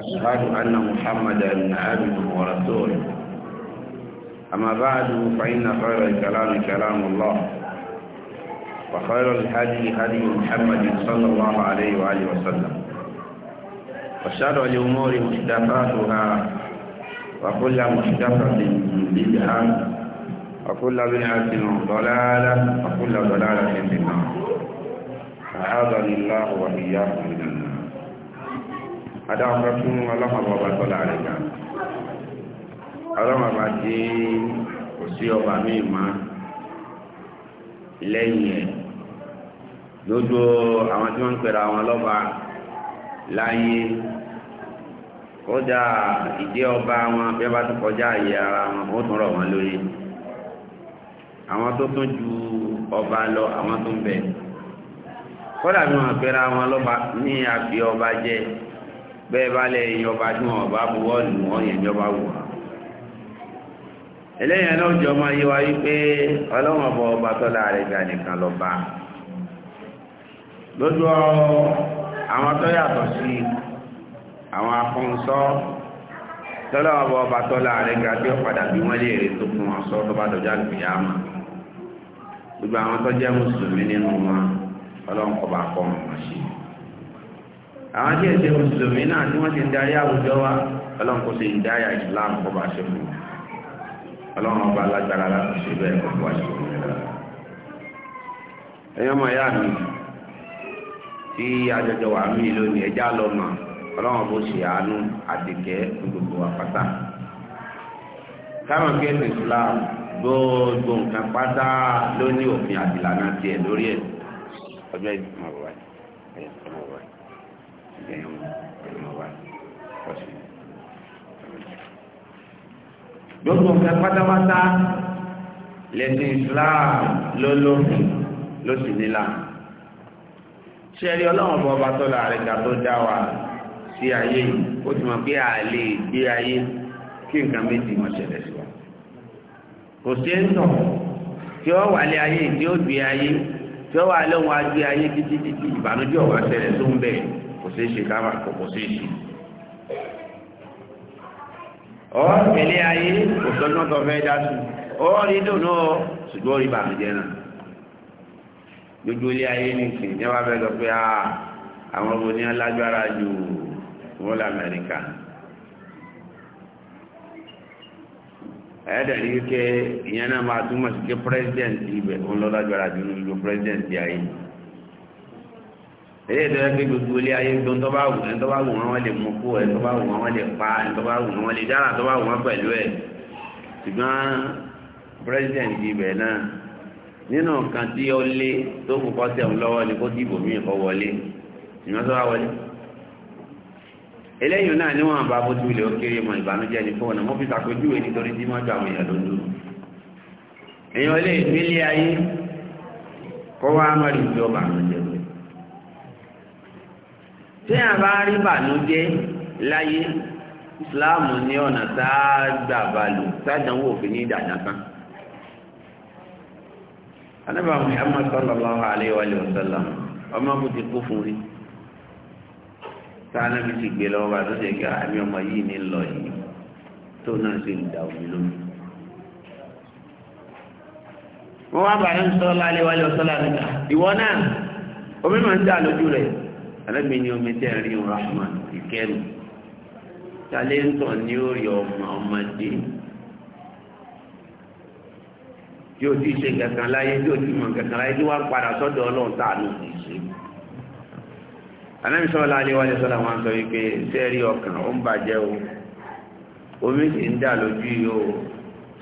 أشهد أن محمدا عبده ورسوله أما بعد فإن خير الكلام كلام الله وخير الهدي هدي محمد صلى الله عليه وآله وسلم وشر الأمور محدثاتها وكل محدثة بدعة وكل بدعة ضلالة وكل ضلالة في النار أعاذني الله وإياكم adáwọ̀pẹ́ fún ọlọ́mọba tọ́lá rẹ̀ gan ọlọ́mọba tí kò sí ọba míì mọ́ lẹ́yìn ẹ̀ lójú àwọn tí wọ́n ń pèrè àwọn ọlọ́ba láyé kódà ìdí ọba wọn bí wọ́n bá tún kọjá àyè ara wọn ó tún rọ̀ wọ́n lórí àwọn tó tún ju ọba lọ àwọn tó ń bẹ kódà bí wọ́n pèrè àwọn ọlọ́ba ní àbí ọba jẹ́ bẹ́ẹ̀ bá lẹ́ ìjọba tí wọ́n bá bu wọ́ọ̀lù wọ́n yẹn jọba wù wá eléyìn náà jọ máa yé wa wípé ọlọ́wọ́n bọ ọba tọ́lá rẹ̀ ga nìkan lọ bá lójú àwọn tó yàtọ̀ sí àwọn akọ́nsọ́ tọ́lọ́wọ́n bọ ọba tọ́lá rẹ̀ ga tí ó padà bí wọ́n lè rí tó fún wọn sọ tó bá dọjọ́ àlùfíà mà gbogbo àwọn tó jẹ́ mùsùlùmí nínú wọn ọlọ́wọ́n kọ́ bá kọ́ wọn ṣe àwọn tí ẹ̀sẹ̀ mùsùlùmí náà tí wọ́n ti ń darí àwùjọ wa ọlọ́run kò sí ìdáyà islam kọ́ bá ṣe fún ọlọ́run ọba alágbára láti ṣe bẹ́ẹ̀ kọ́ bá ṣe fún ẹ̀yọ́ mọ̀ ẹ̀yà mi tí àjọjọ wà mí lónìí ẹjá lọ mọ̀ ọlọ́run bó ṣe àánú àdìgẹ́ gbogbo àpáta táwọn kí ẹ̀sìn islam gbogbo nǹkan pátá ló ní òfin àtìlànà tiẹ̀ lórí ẹ̀ ọjọ́ ìgbìmọ̀ ọ̀rọ̀ wáyé. gbogbo nǹkan pátápátá lẹ́sìn Islam ló lófin ló sì nílà ṣe rí ọlọ́run bọ́ ọba tọ́lá rẹ̀ ga tó dá wa sí ayé yìí ó ti mọ̀ pé a lè gbé ayé kí nǹkan méjì mọ̀ ṣẹlẹ̀ sí wa kò sí ń tọ̀ tí ó wà lé ayé tí ó gbé ayé tí ó wà lóhun agbé ayé títí títí ìbànújẹ́ ọ̀wá ṣẹlẹ̀ tó ń bẹ̀ kò sí ṣe ká kò sí ṣe ọ́ tẹ̀lé ayé òṣèlú tó fẹ́ dá sí ọ́ rí dùnú ọ ṣùgbọ́n rí bàmìjẹ́ náà gbogbo ilé ayé ní ìsìn ní wàá fẹ́ sọ pé ah, àwọn ọmọ ní alágbára ju wọ́n lọ Amẹ́ríkà ẹ̀ẹ́dẹ̀rí wípé ìyẹn náà máa túmọ̀ sí pé pírẹ́sidẹ̀ntì ibẹ̀ òun lọ́lágbára ju gbogbo pírẹ́sidẹ̀ntì ayé yìí èyí tó yẹ pé gbogbo ilé ayé gbọ́n tó bá wù ẹ́ tó bá wù wọ́n lè mú kó ẹ́ tó bá wù wọ́n lè pa ẹ́ tó bá wù wọ́n lè dára tó bá wù wọ́n pẹ̀lú ẹ̀ ṣùgbọ́n president ibẹ̀ náà nínú nǹkan tí ó lé tó kù kọ́sẹ̀ ń lọ́wọ́ ni kó dìbò míì kọ́ wọlé ìyọ́n tó wá wọlé eléyìí náà níwọ̀n bá bó ti wulẹ̀ ó kéré mọ ìbànújẹ́ ní fóònù mo fi ṣàpèjúwe nítorí tí mọ́jú àwọn èèyàn tí a bá rí bànújẹ́ láyé ìsìláàmù ní ọ̀nà tá balù sádánwò òfin ní kan anábà Muhammad sallallahu alayhi sallam ọmọ kò ti kú fún rí fi ti gbé lọ́wọ́ bá tó ṣe kí àmì ọmọ yìí ní lọ yìí tó da omi lómi. wọ́n wá bàánú sọ́lá alayhi wa sallam ìwọ náà omi máa ń alábìnrin ni omi tẹ́ rí rahman ìkẹ́nu tálẹ́ńtọ̀ ni ó rí ọmọ ọmọdé tí o ti ṣe kankan láyé tí o ti mọ kankan láyé tí wàá padà sọ́dọ̀ ọlọ́run tá a lò ní ṣe. anábì sọ́lá alẹ́ wájú sọ́lá wọn sọ wípé sẹ́ẹ̀rí ọkàn ó ń bàjẹ́ o omi sì ń dà lójú yìí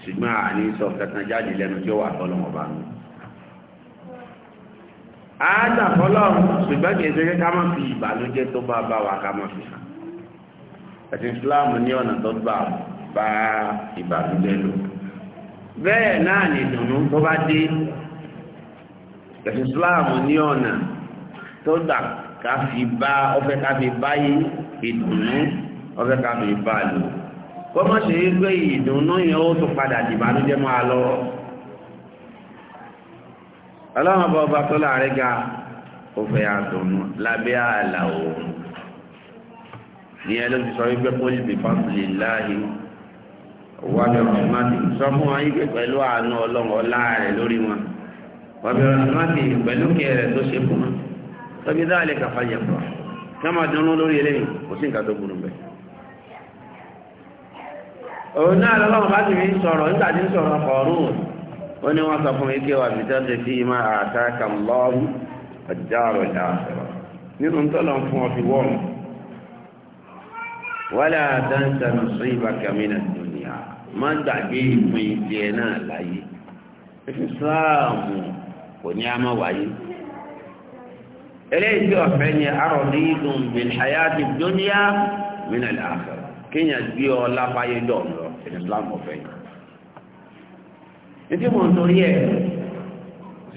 ṣùgbọ́n àní sọ kankan jáde lẹ́nu tí ó wà tọ́lọ́mọba nù àádà fọ́lọ́run ṣùgbọ́n kìí ṣe kí ká mọ́ fi ìbànújẹ́ tó bá bá wa ká mọ́ fi hàn ẹ̀sìn Islam ní ọ̀nà tó gbà bá ìbànújẹ́ lò bẹ́ẹ̀ náà ní ìdùnnú tó bá dé ẹ̀sìn Islam ní ọ̀nà tó gbà ká fi bá ọfẹ́ ká fi báyé ìdùnnú ọfẹ́ ká fi bá lò kọ́mọ́ṣe é gbé ìdùnnú yẹn ó tún padà dìbànújẹ́ máa lọ́wọ́ ọlọ́run bọ́ ọba tó láàrin ga ó fẹ́ àtọ̀nù lábẹ́ ààlà òun ní ẹ ló ti sọ wípé pólí bí fásitì láàyè wà bẹ rọ̀mọ́tì sọ fún wọn yípe pẹ̀lú àánú ọlọ́run ọlá rẹ̀ lórí wọn wà bẹ rọ̀mọ́tì pẹ̀lú kẹrẹ tó ṣe fún wọn tọ́bi dáàlì kàfà yẹ fún wọn kí wọ́n máa dunnú lórí eléyìí kò sí nǹkan tó burú bẹ́ẹ̀. òun náà lọ́lọ́run bá ti fi sọ̀rọ̀ nígbà tí ń sọ̀rọ̀ kọ̀ọ̀rùn ó ní wọ́n sọ fún mi kí wà bìtá ṣe fi máa àtà kàlọ́ọ̀rù ọjà ọ̀rọ̀ ìdá àṣẹrọ̀ nínú tọ́lọ̀ fún ọ fi wọ́n wálé àdáńsà nù sí ìbákẹ́mínà dùnìyà má gbàgbé ìpín ìdí ẹ náà láyé ìsìláàmù kò ní a máa wáyé eléyìí tí ọ̀fẹ́ ni àròdí dùn bìn hayati dúníà mìíràn àfẹ́ kéèyàn gbé ọ lápáyé dọ̀ lọ ìsìláàmù ọ̀fẹ́ yìí nítorí mo ń torí ẹ̀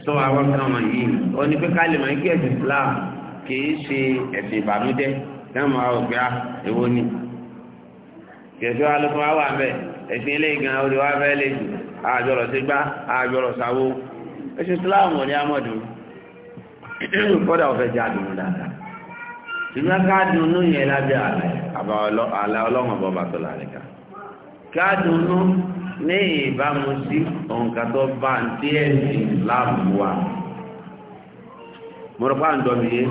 sọ àwọn kan wọ̀nyí ó ní pé káàlì máa ń kí ẹ̀sìn Islam kìí ṣe ẹ̀sìn ìbànújẹ́ dáhùn àwọn òkè èwo ni kẹsí wa ló fún wa wà bẹ ẹ̀sìn eléyìí gan orí wa fẹ́ lè jù àjọrọ sí gbá àjọrọ sáwó ẹ̀sìn Islam ò ní amọ̀dù kódà ọ̀fẹ́ jẹ́ àdùnnú dáadáa ṣùgbọ́n káàdùnnú yẹn lábẹ́ àlà ọlọ́run ọ̀bọ̀ ní ìbámu sí òǹkà tó bá ń tí ẹ̀sìn láàmú wa mọ̀rọ̀pá ń dọ̀mí yé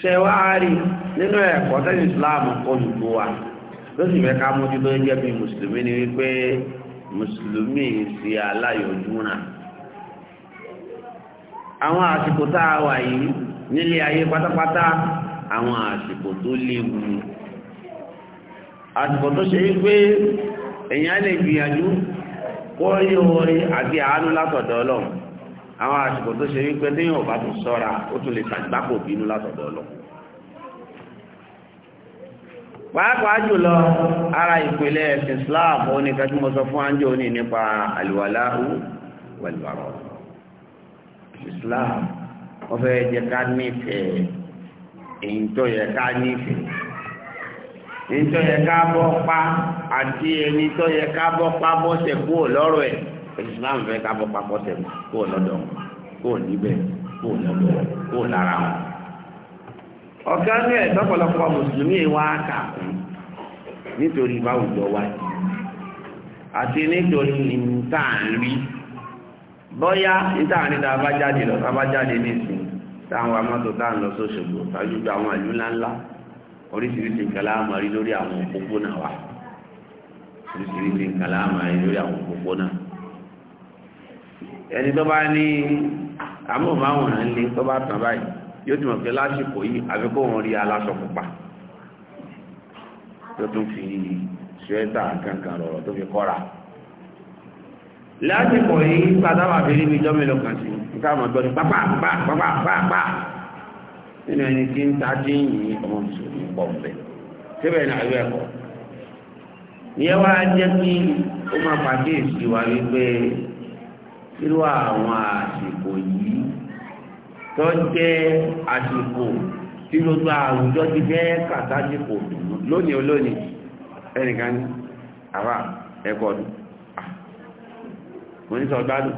ṣe wá rí nínú ẹ̀kọ́ tẹ́sìn Islam kọ́ lùkú wa ló sì fẹ́ ká mójú tó jẹ́ bí mùsùlùmí ni wípé mùsùlùmí sí aláyọ̀júnà àwọn àsìkò tá a wà yìí nílé ayé pátápátá àwọn àsìkò tó léwu àsìkò tó ṣe wípé èèyàn lè gbìyànjú kó rí orí àti àánú látọ̀dọ̀ ọlọ́run àwọn àsìkò tó ṣe wípé téèyàn ò bá tún sọ́ra ó tún lè ṣàgbákò bínú látọ̀dọ̀ ọlọ́run pàápàá jùlọ ara ìpìlẹ̀ ẹ̀sìn Islam ó ní kájú mo sọ fún anjọ́ òní nípa àlùwàláhù wàlùwàrọ̀ Islam wọ́n fẹ́ jẹ́ ká nífẹ̀ẹ́ èyí tó yẹ ká nífẹ̀ẹ́ èyí yẹ ká bọ́ pa àti ẹni tó yẹ ká bọ́ pa bọ́sẹ̀ lọ́rọ̀ ẹ̀ Islam fẹ́ ká bọ́ pa bọ́sẹ̀ lọ́dọ̀ níbẹ̀ lọ́dọ̀ lára wọn. ọ̀gá ní mùsùlùmí wa kà kún nítorí báwùjọ wa ti àti nítorí níta rí bọ́yá níta rí bá jáde oríṣiríṣi nǹkan láàmú àrí lórí àwọn òpópónà wa oríṣiríṣi nǹkan láàmú àrí lórí àwọn òpópónà ẹni tó bá ní amóhùnmáwòrán lé tó bá tàn báyìí yóò tún mọ̀ pé lásìkò yìí àbí kó wọn rí aláṣọ pupa tó tún fi ṣúẹ́tà kankan rọ̀rọ̀ tó fi kọ́ra lásìkò yìí pàtàkì àbí níbi ìjọ́ mélòó kan sí nígbà mọ̀ gbọ́dọ̀ pápá pápá pápá pápá nínú ẹni tí ń ta dín yìí ọmọ mùsùlùmí pọ̀ mbẹ́ síbẹ̀ ní àlọ́ ẹ̀kọ́ ìyẹn wá jẹ́ kí ó máa pàdé èsì wa wípé irú àwọn àsìkò yìí tó jẹ́ àsìkò tí gbogbo àwùjọ ti fẹ́ kàtàsìkò lónìí olónìí ẹnìkan ní àwa ẹ̀kọ́ ọdún ah, mo ní sọ gbádùn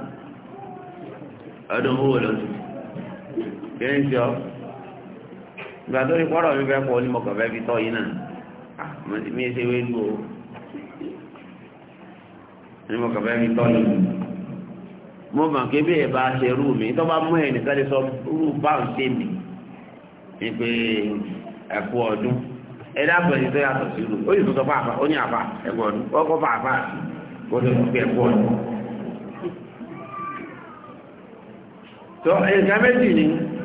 ọdún owó lọ́sùn kí ni sọ ìgbà tó ní pọ́rọ̀ mi fẹ́ pọ̀ ní mọ̀kàn fẹ́ fi tọ́ náà ah, mo ti ṣe o ní mọ̀kàn fẹ́ fi tọ́ yín mo mọ̀ kí bí ẹ ṣe rú mi tó bá mú ẹnìkan lè sọ rú báwọn ṣe mi ní pé ẹ̀kú ọdún ẹ dábọ̀ tó yàtọ̀ sí rú ó yìí tó sọ fún ó ní ẹ̀kú ọdún ó kọ́ fún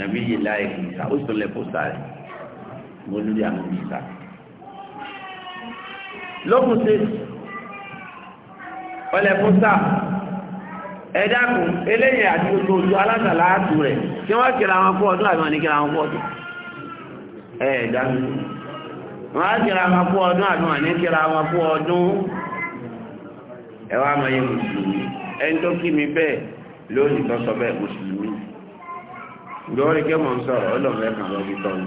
nàbí yìí láì ìsà ó sọ lẹ́kọ̀ọ́ sáré mo lórí àwọn ìsà. lókun ṣe ọlẹ́kùn sá ẹ̀dákun eléyìí àti ojú ojú alásàlá àtù rẹ̀ kí wọ́n kìlà wọn kú ọdún àbí wọn ní kìlà wọn kú ọdún. ẹ̀ẹ́dánu wọ́n á kìlà wọn kú ọdún àbí wọn ní kìlà wọn kú ọdún ẹ̀wọ́n àmọ́ yẹn mùsùlùmí ẹni mi bẹ́ẹ̀ lónìí tó sọ mùsùlùmí lórí kí mò ń sọ̀rọ̀ ọlọ́run ẹ̀kan lọ́bí tọ́ ni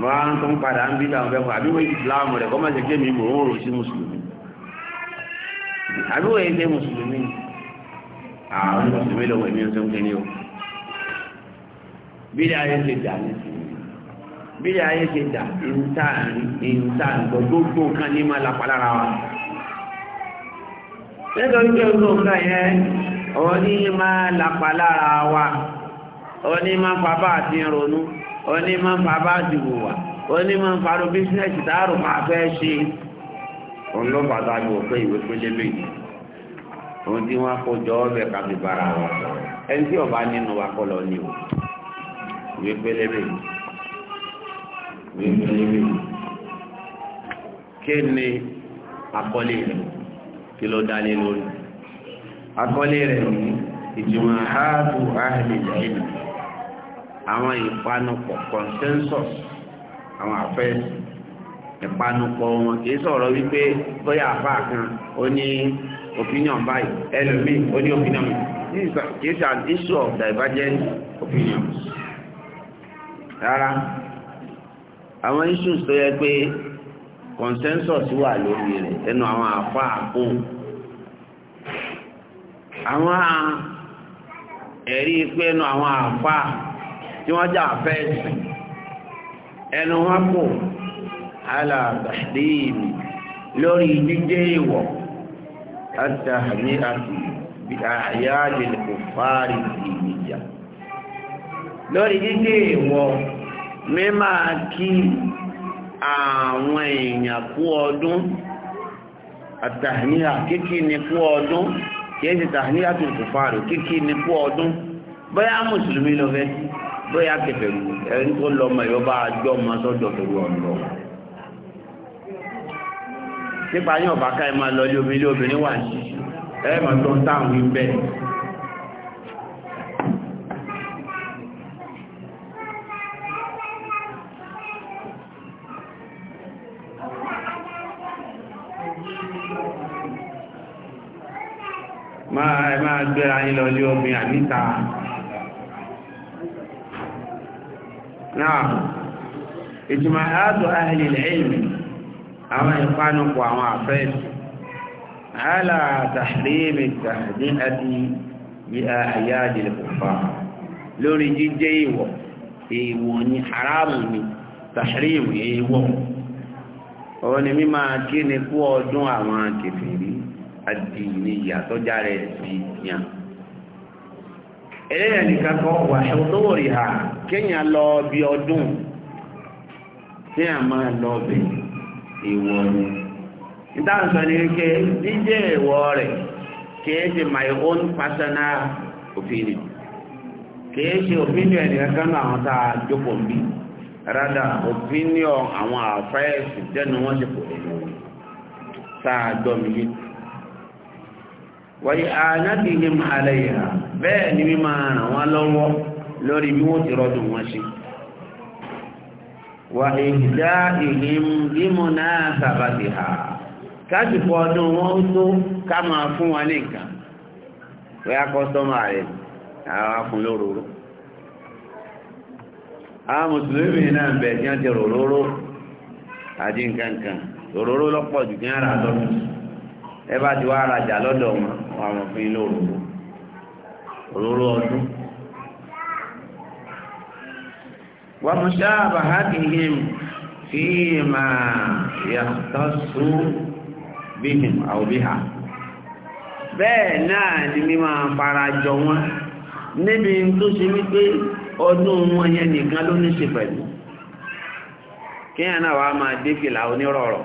mo á ń tún padà ń bí láwọn fẹ́fọ́ àbí ìsìláàmù rẹ̀ kọ́ má mi mò ń sí mùsùlùmí àbí wọ́n mùsùlùmí àwọn mùsùlùmí lọ́wọ́ èmi ń tún kí o bí ilé ayé ṣe dà ní bí ilé ayé ṣe dà ìntàn gbogbo nítorí pé ọdún nǹkan yẹn òní máa lápá lára wa. Oni máa ń fa bá àti ronú oní máa ń fa bá àti wùwà oní máa ń farò bísíǹsì dáàrò máa fẹ́ ṣe òun ló fà dájú òpé ìwé pélébé yìí òun tí wọ́n kó jọ ọbẹ̀ káfí bára wọn sọ̀rọ̀ ẹni tí ọba nínú wa kọ́ lọ ní o ìwé pélébé ìwé pélébé kí ni àkọlé rẹ̀ kí ló dá lé lórí àkọlé rẹ̀ ìjùmọ̀ ààbò ààbò ìlú àwọn ìpanupọ̀ consensus àwọn àfẹ́sì ìpanupọ̀ wọn kìí sọ̀rọ̀ wípé bóyá àfáà kan ó ní opinion báyìí ẹlòmíì ó ní opinion kìí sọ an issue of divergent opinions rárá àwọn issues tó yẹ pé consensus wà lórí rẹ̀ ẹnu àwọn àfáà kún àwọn ẹ̀rí pé ẹnu àwọn àfáà tí wọ́n jà fẹ́ ẹ̀sìn ẹnu wọn kò alàgbàdéèmì lórí jíjẹ́ ìwọ̀ láti àmì àti àyájẹ̀ kò fárí ìjà lórí jíjẹ́ ìwọ̀ mímá kí àwọn èèyàn kú ọdún àtàníyà kíkí ni kú ọdún kìí ṣe tàníyà tó kò fárí kíkí ni kú ọdún bóyá mùsùlùmí lọ fẹ́ sí lóyà kẹfẹ̀rù ẹni tó lọ ọmọ ẹ̀yọ́ bá gbé ọmọ sọ́dọ̀ fẹ̀rù ọ̀dọ̀ nípa ní ọ̀bá ká ẹ máa lọ ilé obìnrin obìnrin wà ní ẹ máa tó ń táwọn wí bẹ́ẹ̀ máa ẹ máa gbéra yín lọ ilé obìnrin àbíta náà ìjùmọ̀ àádọ́ ahìlì lẹ́yìn àwọn ìpanupọ̀ àwọn àfẹ́ẹ̀sì على تحريم التهدئة بأعياد الكفار lórí jíjẹ́ ìwọ̀ èèwọ̀ ni haramu ni tàṣírìmù èèwọ̀ ọ̀rọ̀ ni mímá kí ni kú eléyà nìkan wà ṣòdóòrì ha kéèyàn lọ bí ọdún tí a máa lọ bí ìwọ ni ìdáhùnsọ ni wípé jíjẹ ìwọ rẹ my own personal opinion kìí opinion ẹnìkan náà àwọn tá a jókòó bí rádà opinion àwọn àfẹ́ẹ̀sì tẹnu wọn ṣe kò wàyí àánátìhìm àlẹ́yà bẹ́ẹ̀ ni mímọ̀ ràn wọ́n lọ́wọ́ lórí bí wọ́n ti rọ́dùn wọn ṣe wà ìdá ìhìm bímọ náà sàbàtì ọdún wọn tó ká fún wọn ní nǹkan bóyá rẹ̀ àwọn afún lóróró àwọn mùsùlùmí náà bẹ̀ tí wọ́n ti ròróró àti nǹkan lọ́pọ̀ jù kí wọ́n rà lọ́dún ẹ bá ti wá rajà lọ́dọ̀ wọn wọn àwọn fún ilé òróró òróró ọdún. wọ́n mú sáà bàhá kìhìm fíìmà yàtọ̀sù bíhìm àwòbíhà bẹ́ẹ̀ náà ni mímọ̀ farajọ wọn níbi tó ṣe wípé ọdún wọn yẹn nìkan ló ní ṣe pẹ̀lú kíyàn náà wá máa dé fìlà onírọ̀rọ̀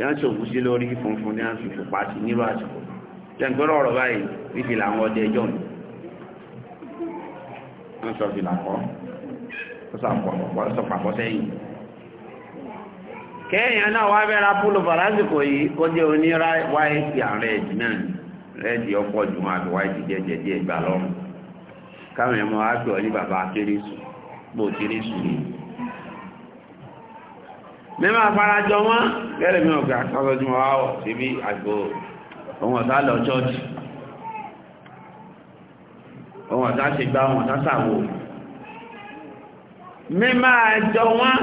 yá ń ṣòfú sí lórí funfun ní àfihàn pàtì nílò àsìkò tẹ̀gbọ́rọ̀ ọ̀rọ̀ báyìí fífi làwọn ọdẹ ẹjọ́ ni wọ́n sọ fìlà kọ́ sọpàpọ̀ sẹ́yìn kẹ́yìn náà wá bẹ́ra púlù fàlásìkò yìí kó jẹ́ oní wáìtì àrẹ́ẹ̀dì náà rẹ́ẹ̀dì ọ̀pọ̀ jù wọn àti wáìtì jẹ́jẹ́ díẹ̀ gbà lọ́rùn káwọn ẹ̀mọ́ wá pè ọ ní bàbá kérésù bó kérésù ni mẹ́mà farajọ mọ́ gẹ́rẹ́ mi ọ̀gá kọ́sọ́jú wọn wá ọ̀ síbi àgbò òun ọ̀tá lọ chọ́ọ̀chì òun ọ̀tá ṣe gbá òun ọ̀tá sàwò mímá jọ wọn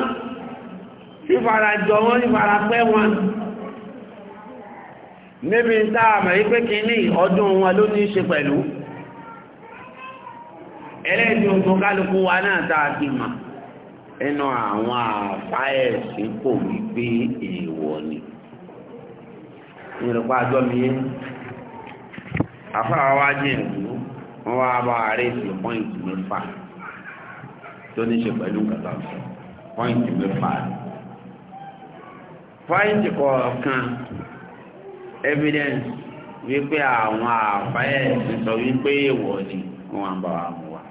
fífara jọ wọn fífara pẹ́ wọn níbi táàmà yí pé kí ní ọdún wọn ló ní ṣe pẹ̀lú ẹlẹ́ni ogun kálukú wa náà tàà ti mà ẹnu àwọn àfáẹ́sì kò wípé èèwọ̀ ni ìrìnpá àjọ mi yé àfáà wá jẹ́ ìlú wọ́n wá bá ààrẹ sí pọ́ìntì mẹ́fà tó ní ṣe pẹ̀lú kàtà sọ pọ́ìntì mẹ́fà pọ́ìntì kọ̀ọ̀kan evidence wípé àwọn àbáyẹ̀ ti sọ wípé èèwọ̀ ni wọ́n bá wa mú wa.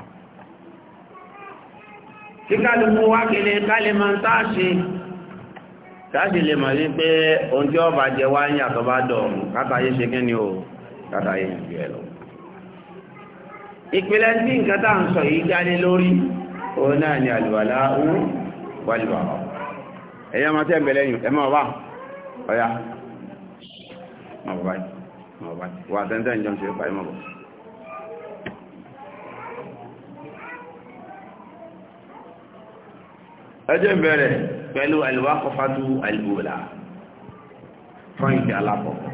tí kálukú kálí máa ń tá a ṣe káàdì lè mọ̀ wípé ohun tí ọba jẹ wá ń yàtọ̀ bá dọ̀ọ̀mù kátàyé ṣe kí o kátàyé ìgbé ẹ lọ. ìpìlẹ̀ tí nǹkan tá à ń sọ yìí jáde lórí òun náà ni àlùwàlá ń wàlùwà ẹ̀yà máa tẹ́ ìbẹ̀lẹ̀ yìí ẹ máa wà ọ̀yà máa bọ̀ báyìí máa bọ̀ báyìí wà tẹ́ntẹ́ ìjọ ń ṣe báyìí bọ̀. ẹ ìbẹ̀rẹ̀ pẹ̀lú àlùwákọ̀fàtú àlùbọ̀là fọ́ǹtì alákọ̀ọ́kọ́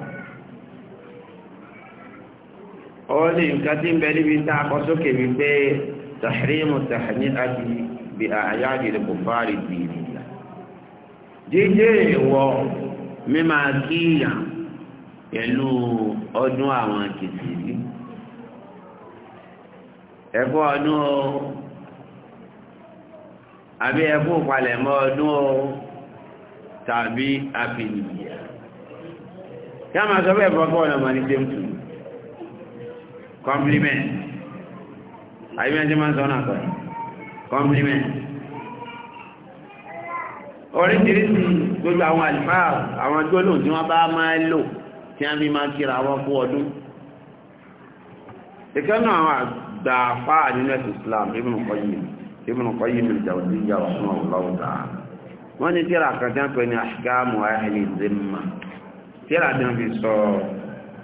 ó ní nǹkan tí ń bẹ níbi tá a kọ sókè wípé tàhírímù tàhíní àti bí àyà ìdílé kò fárí bìrì ìlà jíjẹ́ ìwọ mímá kíyàn pẹ̀lú ọdún àwọn kìtìrí ẹ̀kọ́ ọdún ọ̀hún àbí ẹkú palẹ̀mọ́ ọdún o tàbí àfihìyà yá máa sọ bẹ́ẹ̀ fọ́kọ́ ọ̀nà mọ̀ ní tẹ́mtù compliment àyíbẹ́ tí máa sọ náà pẹ̀lú compliment oríṣiríṣi gbogbo àwọn àlìfáà àwọn gbólóhùn tí wọ́n bá máa lò tí wọ́n fi máa kíra wọ́n kú ọdún ìkẹ́nà àwọn àgbà àfáà nínú ẹ̀sìn Islam Ibn Qayyim Ibn Qayyim al-Jawziyya rahimahullahu ta'ala wọ́n ní tíra kan tí wọ́n pè ní ahkamu ahli zimma tíra tí wọ́n fi sọ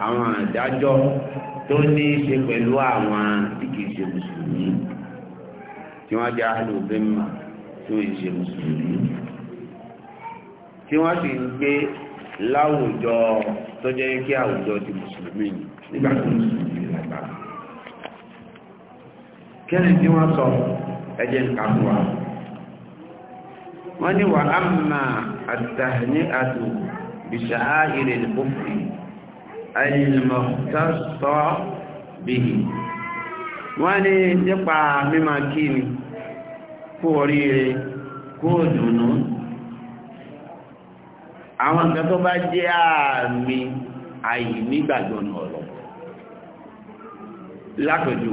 àwọn àdájọ́ tó ní í ṣe pẹ̀lú àwọn tí kìí ṣe mùsùlùmí tí wọ́n jẹ́ ahli zimma tí wọ́n ṣe mùsùlùmí tí wọ́n sì ń gbé láwùjọ tó jẹ́ kí àwùjọ ti mùsùlùmí nígbà tó mùsùlùmí lágbára kẹ́rin tí wọ́n sọ ẹjẹ́ nǹkan fún wa wọ́n ní wà á mà àtàní àtò bìṣà ààrẹ lófin àìlèmọ̀tọ́sọ́ bìhì wọ́n ní nípa mímọ̀ kí ni kú oríire kú òdùnnú àwọn nǹkan tó bá jẹ́ àmì àìnígbàgbọ́ náà lọ lápẹjù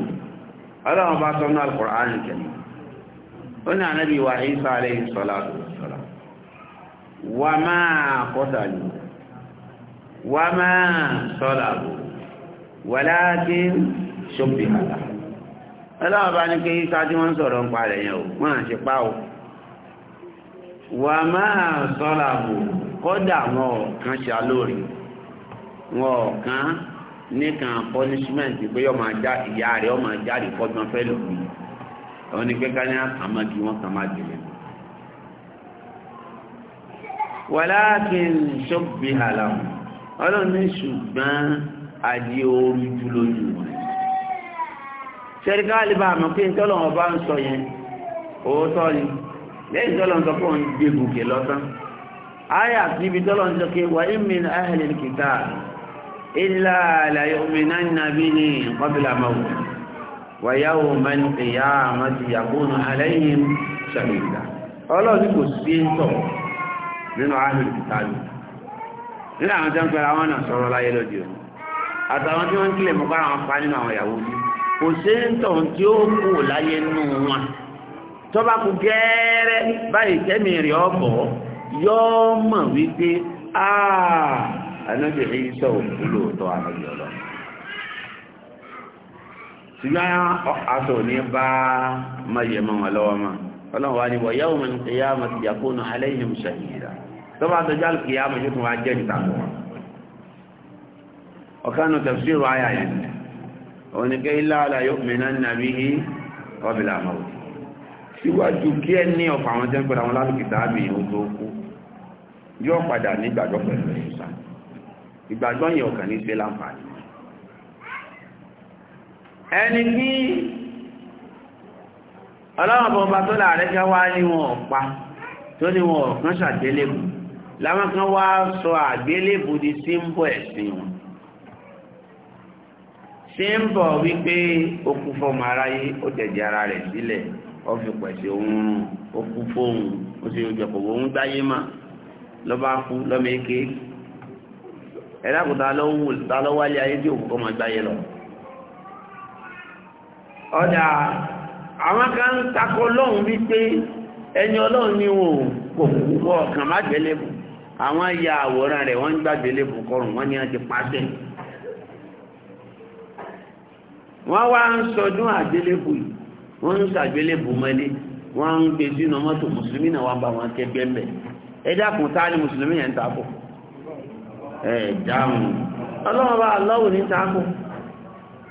ọlọ́run bá sọ náà Al-Qur'an ó ní ànábì wa Isa alayhi salatu wassalam wa ma qatalu wa ma salabu walakin shubbiha lahu ọlọ́wọ́ bá ní kí Isa tí wọ́n sọ̀rọ̀ ń parẹ̀ yẹn o wọ́n à ń ṣe pa o wà máa sọ́làbò kọ́dà wọn ọ̀kan ṣe alórí wọn ọ̀kan níkan punishment pé ọmọ ajá ìyá rẹ̀ ọmọ ajá rẹ̀ fọ́gbọ́n fẹ́ lòmí àwọn ní pẹ́ká ní àmàgì wọn kàn máa jẹ̀lẹ̀ walakin shubbiha lahum ọlọ́run ní ṣùgbọ́n àdí ooru jù lójú wọn ṣẹ́ríkà lè bá àmọ́ pé tọ́lọ́wọ́ bá ń sọ yẹn òótọ́ ni lẹ́yìn tọ́lọ́wọ́ sọ fún gbé gòkè lọ́tán ayà níbi tọ́lọ́wọ́ sọ pé wa in min ahlil kitab illa la yu'minanna bihi qabla mawtihi ويوم القيامة يكون عليهم شهيدا ọlọ́run ní kò sí ń tọ̀ nínú ààrùn ìtàlù nínú àwọn tí wọ́n pẹ̀lú àwọn náà sọ̀rọ̀ láyé lọ́dí ọ̀rọ̀ àtàwọn tí wọ́n kílẹ̀ mọ́kọ́ àwọn pa nínú àwọn ìyàwó ní kò sí ń tọ̀ tí ó kù láyé nù wọn tó bá kú gẹ́ẹ́rẹ́ báyìí tẹ́mì rẹ̀ ọ̀bọ̀ yọ́ mọ̀ wípé àà ànábìrin sọ̀rọ̀ lóòótọ́ àlọ́bì ọlọ́run ṣùgbọ́n aṣọ ò ní bá mayẹ̀ mọ́ wọn lọ́wọ́ mọ́ ọlọ́run wa ni wọ̀ yẹ́wò mi ní ìyá ọmọ ti yàkó nù alẹ́ yìí musa yìí rà tọ́ba àtọ́jú àlùkì yá ọmọ yóò tún wá jẹ́ níta lọ. ọ̀kan nù tafsiru yẹn oníkẹ́ ilá ọ̀la yóò mìíràn nàbí yìí ọ̀bìlà àmọ́wò síwájú kí ẹ ní ọ̀pọ̀ àwọn tẹ́ ń pẹ̀lú àwọn lálùkì tàbí ìhun yóò padà ní pẹ̀lú ìgbàgbọ́ yẹn ọ̀kan ní ẹni tí ọlọ́wọ̀n bọ̀m̀bà tó láàrẹ́ ká wá ní wọn ọ̀pá tó ní wọn ọ̀kan ṣàgbélébù láwọn kan wá sọ àgbélébù di símbọ̀ ẹ̀sìn wọn símbọ̀ wípé okú fọmọ aráyé ó tẹ̀jẹ̀ ara rẹ̀ sílẹ̀ ó fi pẹ̀sẹ̀ òun okú fóun ó sì jọpọ̀ òun gbáyé má ló bá kú lọ́mọ eke ẹ̀dá lọ́wọ́ wálé ayé tí òkú kọ́ máa gbáyé lọ. ọ̀dà àwọn kan ń takọ lọ́hùn wípé ẹni ọlọ́run ni wọn kò wọ ọ̀kàn má gbélébù àwọn ya àwòrán rẹ̀ wọ́n ń gbá kọrùn wọ́n ní a ti pàṣẹ wọ́n wá ń sọdún àgbélébù yìí wọ́n ń sàgbélébù mọ́lé wọ́n ń gbé sínú mọ́tò mùsùlùmí náà wọ́n bá wọn kẹgbẹ́ mẹ́ ẹ dákun tá ní mùsùlùmí yẹn ń takò ẹ dáhùn ọlọ́run bá aláwò ní takò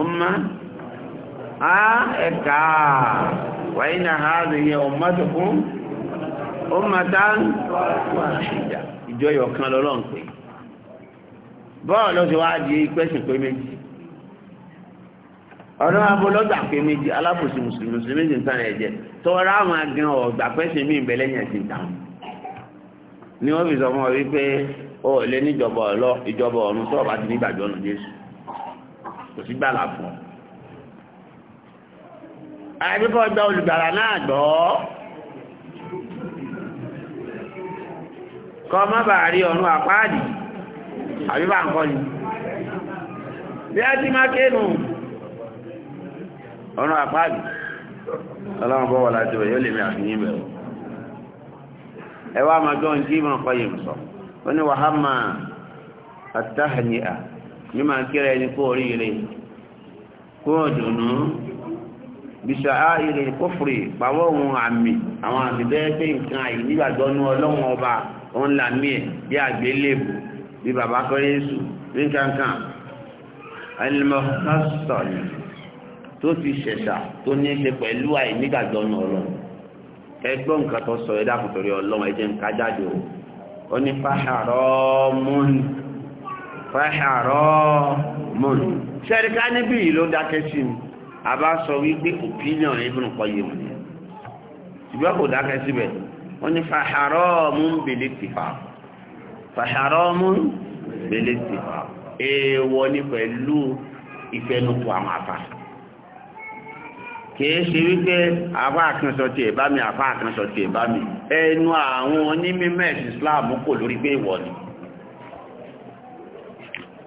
ọmọ a ẹ̀ka wàyí na ha rèé ọmọ tó fún ọmọ tá ìjọ yọ̀kan lọ́lọ́ ń pè bọ́ọ̀lù ti wá di pẹ́sìn pé méjì ọ̀rọ̀ abo lọ́gbà pé méjì alábòsí mùsùlùmí mùsùlùmí méjì ń tán ẹ̀jẹ̀ tọ́ra àwọn agan ọ̀gbà pẹ́sìn mí ìbẹ̀lẹ̀ yẹn ti dàn ni wọ́n fi sọ fún ọ wípé ó lé níjọba ọ̀lọ́ ìjọba ọ̀run tó ọba ti nígbàjọ́ ọ̀nà Jésù kò sí gbàlà fún ọ àìbíkọ́ gba olùgbàlà náà gbọ́ kọ mọ́ bà rí ọ̀run àpáàdì àbíbà ń kọ́ ni bí a ti máa kéènù ọ̀run àpáàdì ọlọ́run bọ́ wọ́la ti bẹ̀ yóò lè mẹ́ àfihàn bẹ̀rẹ̀ ẹwà máa gbọ́n tí mọ̀ kọ́ yìí sọ ó ní wàhámà àtàhàníà mímọ̀ kíra ẹni kó oríire kó ọ̀dùnú bíṣà áìrè kófìrì pàwọ́ ohun àmì àwọn àmì bẹ́ẹ̀ pé nǹkan àyè nígbàgbọ́ ní ọlọ́run ọba òun làmí ẹ̀ bí àgbélébù bí bàbá kọ́yẹ́sù ní kankan alimọ̀kásọ̀nì tó ti ṣẹ̀ṣà tó ní ṣe pẹ̀lú àyè nígbàgbọ́ ní ọlọ́run ẹgbọ́n nǹkan tó sọ ẹ̀dá kòtòrí ọlọ́run ẹ̀jẹ̀ nǹkan jáde o ó ní fáṣà rọ́ọ́mọ́nì fáhàrọ́ mọ́n ṣẹ́ríká níbi ìlú dákẹ́ sí mi a bá sọ wípé opinion Ibn Qayyim ni ṣùgbọ́n kò dákẹ́ síbẹ̀ wọ́n ní fáhàrọ́ mún bèlè tìfà fáhàrọ́ mún bèlè tìfà èèwọ̀ ni pẹ̀lú ìfẹnukù àwọn àfà kìí ṣe wípé àfà àkànṣọ ti ẹ̀bá mi àfà àkànṣọ ti ẹ̀bá mi ẹnu àwọn onímọ̀ Islam kò lórí pé ìwọ̀ ni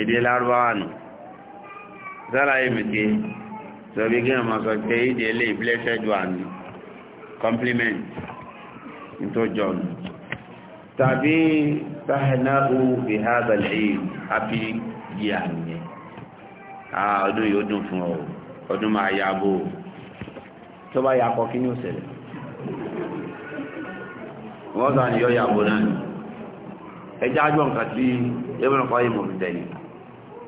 èdè lárúbáwá nù sálàyé mìíké sọ bí kí ọmọ blessed one compliment jọ nù tàbí sáhẹ̀náhù fi hádà lẹ́yìn happy year nìyẹn ọdún yóò dùn fún ọ ọdún máa ya bó tó ya kọ kí ni ó ṣẹlẹ̀ wọ́n sàn yọ yàgò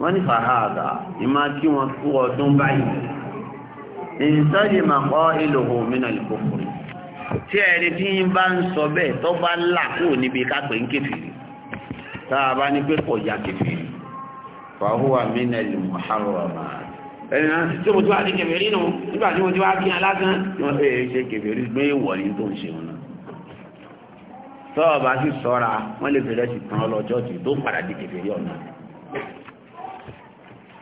wọ́n ní fàhádà ìmá kí wọ́n kú ọdún báyìí ìsọ́lì máa kọ́ ìlòhùn mìíràn ìkòkòrò tí ẹni tí ń bá ń sọ bẹ́ẹ̀ tó bá là kúrò níbi kápẹ́ ń kẹfìrí tá a bá ní pé kò ya kẹfìrí fàhùwà mìíràn ìmọ̀hárọ̀mà ẹni náà sọ́ra wọ́n lè fẹ́rẹ́ sí tán ọlọ́jọ́ tí tó padà di kẹfìrí ọ̀nà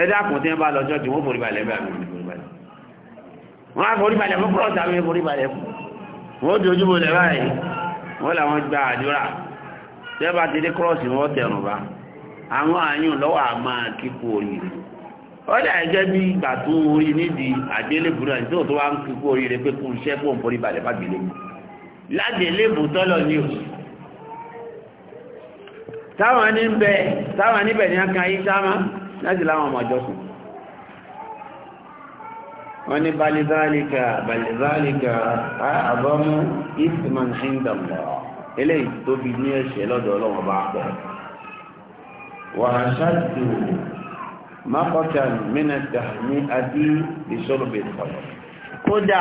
ẹ̀dá kùn tí wọ́n bá lọ ṣọ́ọ̀ṣì wọ́n forí balẹ̀ bá mi forí balẹ̀ wọ́n á forí balẹ̀ fún kúrọ́ọ̀sì àmì forí balẹ̀ fún wọ́n di ojúbọ lẹ̀ báyìí wọ́n làwọn gba àdúrà tí wọ́n bá ti dé kúrọ́ọ̀sì wọ́n tẹ̀rùn bá àwọn àyùn lọ́wọ́ àmà kíkú oríire ó dà gẹ́gẹ́ bí ìgbà tó orí nídìí àdélébùrà ní tó wá ń kíkú oríire pé kún iṣẹ́ fún òǹforí balẹ̀ bá gbélé mu ládélébù tọ́lọ̀ ní òsì táwọn ní bẹ táwọn níbẹ̀ ní akan yí sáwọn láti láwọn ọmọ àjọsùn wọ́n ní balizalika balizalika àbọ̀mú isman hindambo eléyìí tóbi ní ẹ̀ṣẹ̀ lọ́dọ̀ ọlọ́wọ́n bá pọ̀ wàhásàtù makọta mínàtà ní àti ìṣọ́rọ̀bẹ̀ ìfọ̀lọ̀ kódà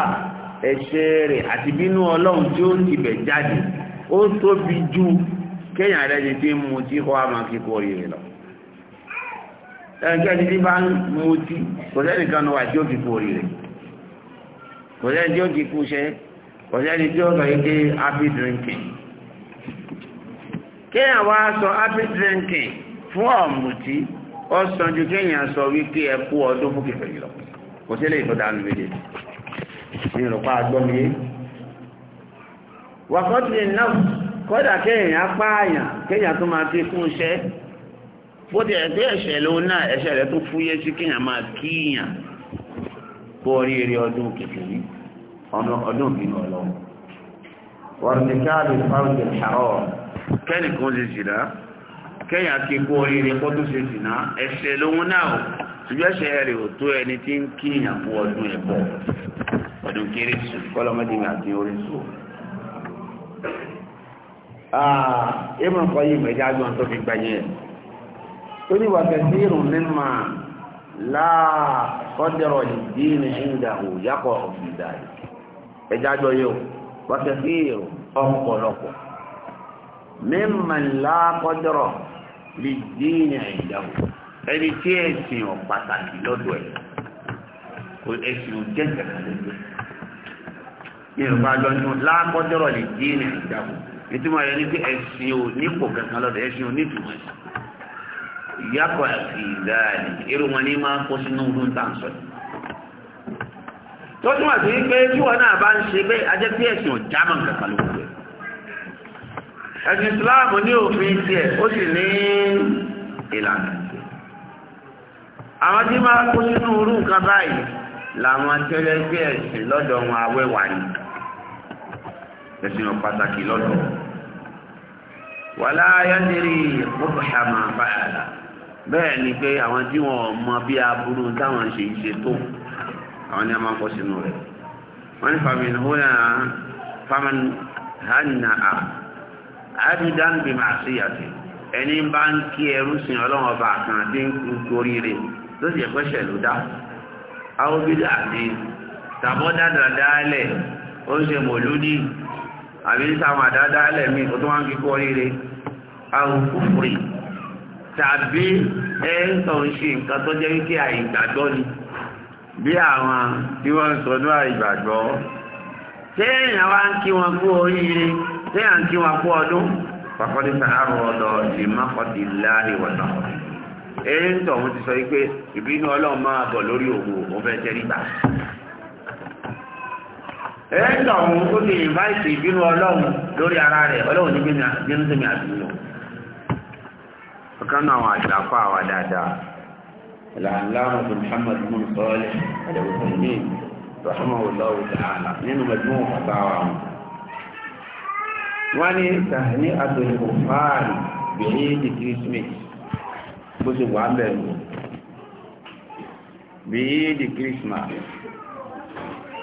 ẹ̀ṣẹ̀ rẹ̀ àti bínú ọlọ́run tí ó ti bẹ̀ jáde ó tóbi ju kéèyàn rẹ̀ ti fi mú tí kọ́ àmà kíkọ́ rí rẹ̀ lọ ẹgbẹ́ni tí bá ń mutí kò sẹ́ni kan wà tí ó fi kú oríire kò sẹ́ni tí ó fi kú ṣe kò sẹ́ni tí ó happy drinking kéèyàn wá sọ happy drinking fún ọ̀mùtí ó sàn ju kéèyàn sọ wípé ẹ kú ọdún fún kẹfẹ́ yìí lọ kò sí eléyìí tó dánú ní ìrọ̀pá agbọ́mìyé wàkọ́tì náà kọ́dà kéèyàn kéèyàn tó fi kú bó ti ẹ̀gbẹ́ ẹ̀ṣẹ̀ ló náà ẹ̀ṣẹ̀ rẹ̀ tó fúyẹ́ sí kíyàn máa kíyàn kó orí eré ọdún kẹfìrí ọmọ ọdún ìbínú ọlọ́run wọ̀rùnìkáàlù fáwọ̀dì ṣàrọ̀ kẹ́nìkan lè ṣìdá kẹ́yà kí kó orí eré pọ́tún ṣe ṣìná ẹ̀ṣẹ̀ lóhun náà ṣùgbọ́n ẹ̀ṣẹ̀ rẹ̀ ò tó ẹni tí ń kíyàn fún ọdún ẹ̀bọ̀ ọdún kéré sùn kọ́lọ́mọdé àti orí sùn ah, Ibn Qayyim ìmọ̀ ìdájọ́ tó fi gbẹ̀yìn ẹ̀ ó ní wàá kẹsí irun mímà láà kọ́dẹ̀rọ̀ ìdí ní ìdààmú yàkọ̀ ọ̀fìdà ẹ̀já jọ yóò wàá kẹsí irun ọ̀pọ̀lọpọ̀ mímà láà kọ́dẹ̀rọ̀ ìdí ní ìdààmú ẹni tí ẹ̀sìn ọ̀ pàtàkì lọ́dọ̀ ẹ̀ kò ẹ̀sìn ò jẹ́ ìtẹ̀kẹ̀lẹ́gbẹ̀ yorùbá lọ́nu láàkọ́dọ̀rọ̀ ìdí ní ìdààmú ìtumọ̀ rẹ̀ ní pé ẹ̀sìn ò nípò kankan lọ́dọ̀ ẹ̀sìn ò nítumọ̀ ẹ̀sìn yàtọ̀ àti ìdáàlì irú wọn ní máa ń kó sínú ọdún tàǹsọ̀ tó túnmọ̀ sí pé tí wọn náà bá ń ṣe pé ajẹ́ pé ẹ̀sìn ọ̀jámọ̀ kankan ló kúrẹ̀ ẹ̀sìn Islam ní òfin tiẹ̀ ó sì ní ìlànà àwọn tí máa kó sínú irú nǹkan báyìí làwọn tẹ́lẹ̀ pé ẹ̀sìn lọ́dọ̀ wọn awẹ́wà ni ẹ̀sìn ọ̀ pàtàkì lọ́dọ̀ wàlá yẹ́ndìrí ó bàá máa báyà láà bẹ́ẹ̀ ni pé àwọn tí wọ́n mọ bí aburú táwọn ṣe ń ṣe tó àwọn ni a máa ń kọ́ sínú rẹ̀ wọ́n ní famin hona famin hanna a abidan bí màá sí yàtì ẹni bá ń kí ẹrú sin ọlọ́run ọba kan tí ń gorí rẹ̀ ló sì ẹ̀kọ́ ṣẹ̀ ló dá awóbídà àti tàbọ́dá dáadáalẹ̀ ó ń ṣe mòlúdì àbí sáwọn àdáadáalẹ̀ mi ó tó wá ń kíkọ́ rí rẹ̀ awókùnrin tàbí ẹ ń sọ ń ṣe nǹkan tó jẹ́ wípé àìgbàgbọ́ ni bí àwọn tí wọ́n ń sọ ní àìgbàgbọ́ téèyàn wá ń kí wọn kú oríire téèyàn ń kí wọn kú ọdún pàkọ́dé sàárò ọ̀dọ̀ ìmọ̀kọ́dé láàrin wọ̀tọ̀ èyí ń tọ̀ wọ́n ti sọ wípé ìbínú ọlọ́run máa bọ̀ lórí òwò òun fẹ́ jẹ́rí gbà èyí ń tọ̀ wọ́n ó ti ìbínú ọlọ́run lórí ara rẹ̀ ọlọ́run ní gbẹ́ni sẹ́mi àbínú ọ̀kan náà àwọn àjàfà wà dáadáa aláàláwọ̀ tó Muhammad bin Salih alẹ́wọ̀sẹ̀mí rahimahullahu ta'ala nínú mẹ́jọ́ ọ̀pá wa wọn. wọ́n ní sàní àtòlùkù fáàlì bèèrè di kírísímẹ́sì bó ṣe wà ń bẹ̀rù bèèrè di kírísímẹ́sì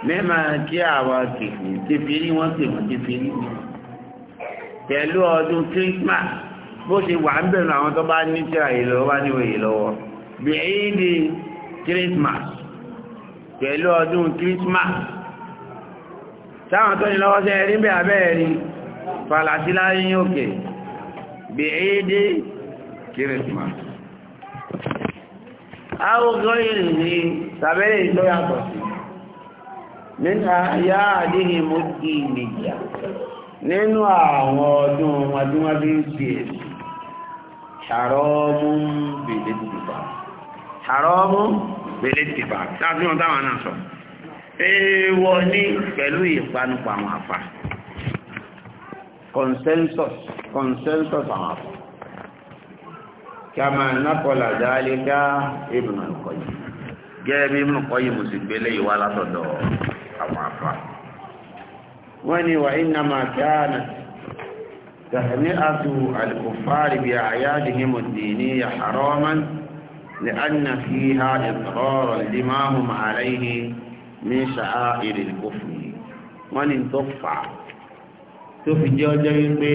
mẹ́mà kí àwa kìfì kìfì rí wọ́n kìfì pẹ̀lú ọdún kírísímẹ́sì bó ṣe wà ń bẹ̀rù àwọn tó bá ní tíra yìí lọ́wọ́ bá ní òye lọ́wọ́ bí ìdí Christmas pẹ̀lú ọdún Christmas táwọn tó ní lọ́wọ́ sẹ́ rí bẹ́ abẹ́ẹ̀rí falasílá yín òkè bí ìdí Christmas àwògọ́ ìrìn ní tàbẹ́rẹ̀ ìlọ́yàtọ̀ sí nígbà yá àdíhìn mú kí ìlìjà nínú àwọn ọdún ọmọdún wọn bí ń fi èsì haramu bèlè tìfà haramu bèlè tìfà láti wọn táwọn náà sọ èèwọ̀ ní pẹ̀lú ìpanupọ̀ àwọn àfà consensus consensus àwọn àfà kama nakola dalika ibn al-qayyim gẹ́gẹ́ ibn al-qayyim mo sì gbélé ìwà látọ̀dọ̀ àwọn àfà wọ́n ní wà ìnàmà kí á nà تهنئة الكفار بأعيادهم الدينية حراما لأن فيها إضرارا لما هم عليه من شعائر الكفر من ní tó fà á tó fi jẹ́ ọjọ́ wípé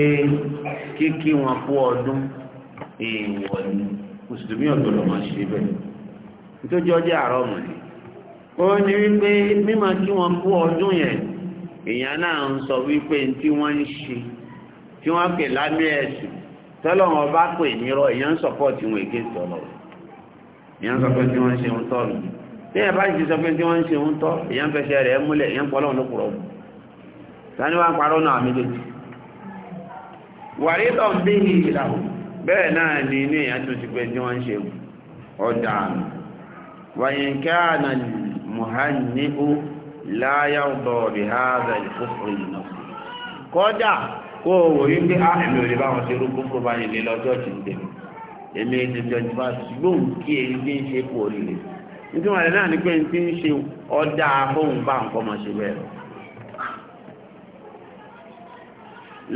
kíkí wọn kú ọdún èèwọ̀ ni mùsùlùmí ọ̀gbọ̀dọ̀ máa ṣe bẹ́ẹ̀ tó jẹ́ ọjọ́ àárọ̀ mọ̀ ni ó ní wípé mímọ̀ kí wọn kú ọdún yẹn èèyàn náà ń sọ wípé tí wọ́n ń ṣe tí wọ́n pè lámì ẹ̀sìn tọ́lọ́wọ́n bá pè nírọ̀ èèyàn ń sọ́pọ́ọ̀tì wọn èké sọ̀rọ̀ èèyàn sọ pé tí wọ́n ń ṣe ń tọ́lù bí ẹ̀ bá ti sọ pé tí wọ́n ń ṣe ń tọ́ èèyàn fẹsẹ̀ rẹ̀ múlẹ̀ èèyàn pọ̀ lọ́wọ́n ló kúrọ̀ bù tani wá parọ́ náà méjèèjì wàrí bí bẹ́ẹ̀ náà ni inú ti pé tí wọ́n ń ṣe ọjà wàyínkẹ́ kó o wò yín pé ah èmi ò lè bá wọn ṣe irúgbó kó báyìí lé lọ́jọ́ ti tẹ̀ èmi ti jọjú bá ṣùgbọ́n kí èyí ti ń ṣe kú oríire nítorí àlẹ́ náà ni pé ti ń ṣe ọ̀dà fóun bá nǹkan mọ̀ ṣe bẹ́ẹ̀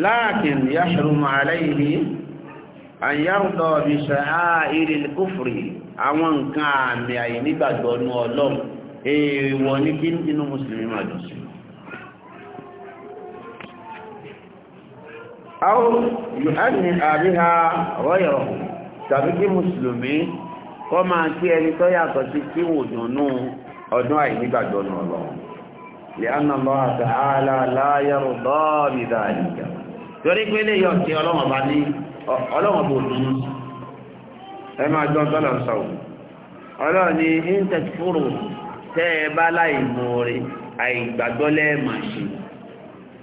láàkìn yáṣẹ́rù máa lẹ́yìn ní àyàrùdọ̀ bí ṣàá ìrìn kúfùrì àwọn nǹkan àmì àyè nígbàgbọ́ ní ọlọ́run èèwọ̀ ní kí nínú mùsùlùmí máa dùn sí i àwọn yùhánì àríhà rọ́yọ̀ tàbí kí mùsùlùmí kọ́ máa kí ẹni tó yàtọ̀ sí kí wò dùnú ọdún àìnígbàgbọ́ náà lọ lẹ́nà ala ala láyẹ̀rù lọ́ọ̀rì dáadìjà torí pé lè yọ sí ọlọ́wọ̀n jọ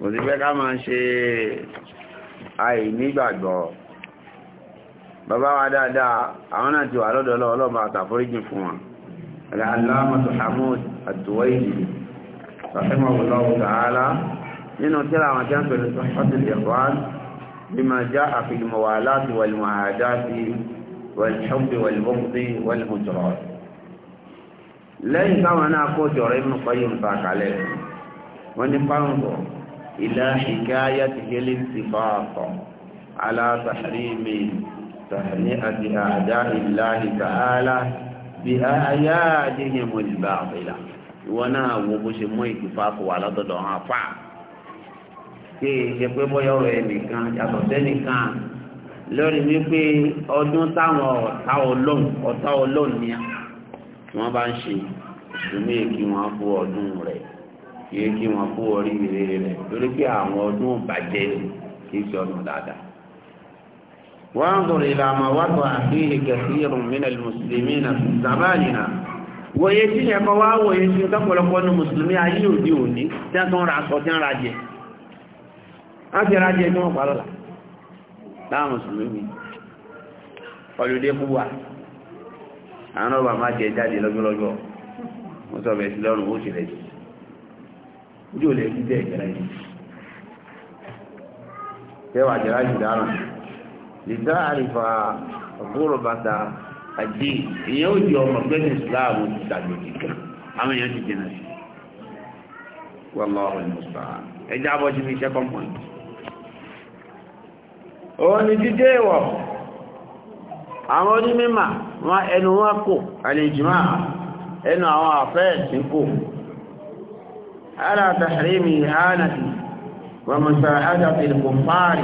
kò sí fẹ́ ká máa ṣe àìnígbàgbọ́ bàbá wa dáadáa àwọn náà ti wà lọ́dọ̀ ọlọ́ọ̀bá àtàforíjì fún wọn aláàmàtò Hamud àtúwẹ́ìdì rahimahullahu ta'ala nínú tíra àwọn jẹ́ pẹ̀lú sọ́fọ́tì ìwọ́n bí lẹ́yìn táwọn náà kó jọ̀rọ̀ ìmú kọ́yìn ta kalẹ̀ wọ́n ní pàrọ̀ إلى حكايته الانتفاق على تحريم تهنئة أعداء الله تعالى بأعيادهم الباطلة وانا وبوش مو اتفاق على ضدها فا kí ṣe pé bóyá ọ̀rọ̀ ẹnìkan yàtọ̀ sẹ́nìkan lórí wípé ọdún táwọn ọ̀tá ọlọ́run ọ̀tá ọlọ́run ni wọ́n bá ń ṣe ìṣúnmí èkì wọn fún ọdún rẹ̀ kì í kí wọn kú oríire rẹ̀ lórí pé àwọn ọdún bàjẹ́ kì í ṣe ọdún dáadáa. وانظر إلى ما وقع فيه كثير من المسلمين في زماننا wòye tí ẹ̀kọ́ wá wòye tí ó ní mùsùlùmí ayé òdí òní tí a ra aṣọ tí a ra jẹ a ti ra jẹ ní wọ́n pàlọ́lá láà ojú ò lè rí bẹ́ẹ̀ jẹ́ra yìí tẹ́wà jẹ́ra yìí dára lìdá àrífà ọ̀gbọ́rọ̀ bàtà àjí ìyẹn ó di ọmọ gbẹ́sìn Islam ti dàgbèjì kan àwọn èèyàn ti jìnà sí wọ́lọ́rọ̀ ìmọ̀sá ẹjá bọ́ sí ní second point òun ni dídé ìwọ̀ àwọn onímọ̀ ẹnu wọn kò àlejò ẹnu àwọn àfẹ́ẹ̀sìn kò على تحريم إهانة ومساعدة الكفار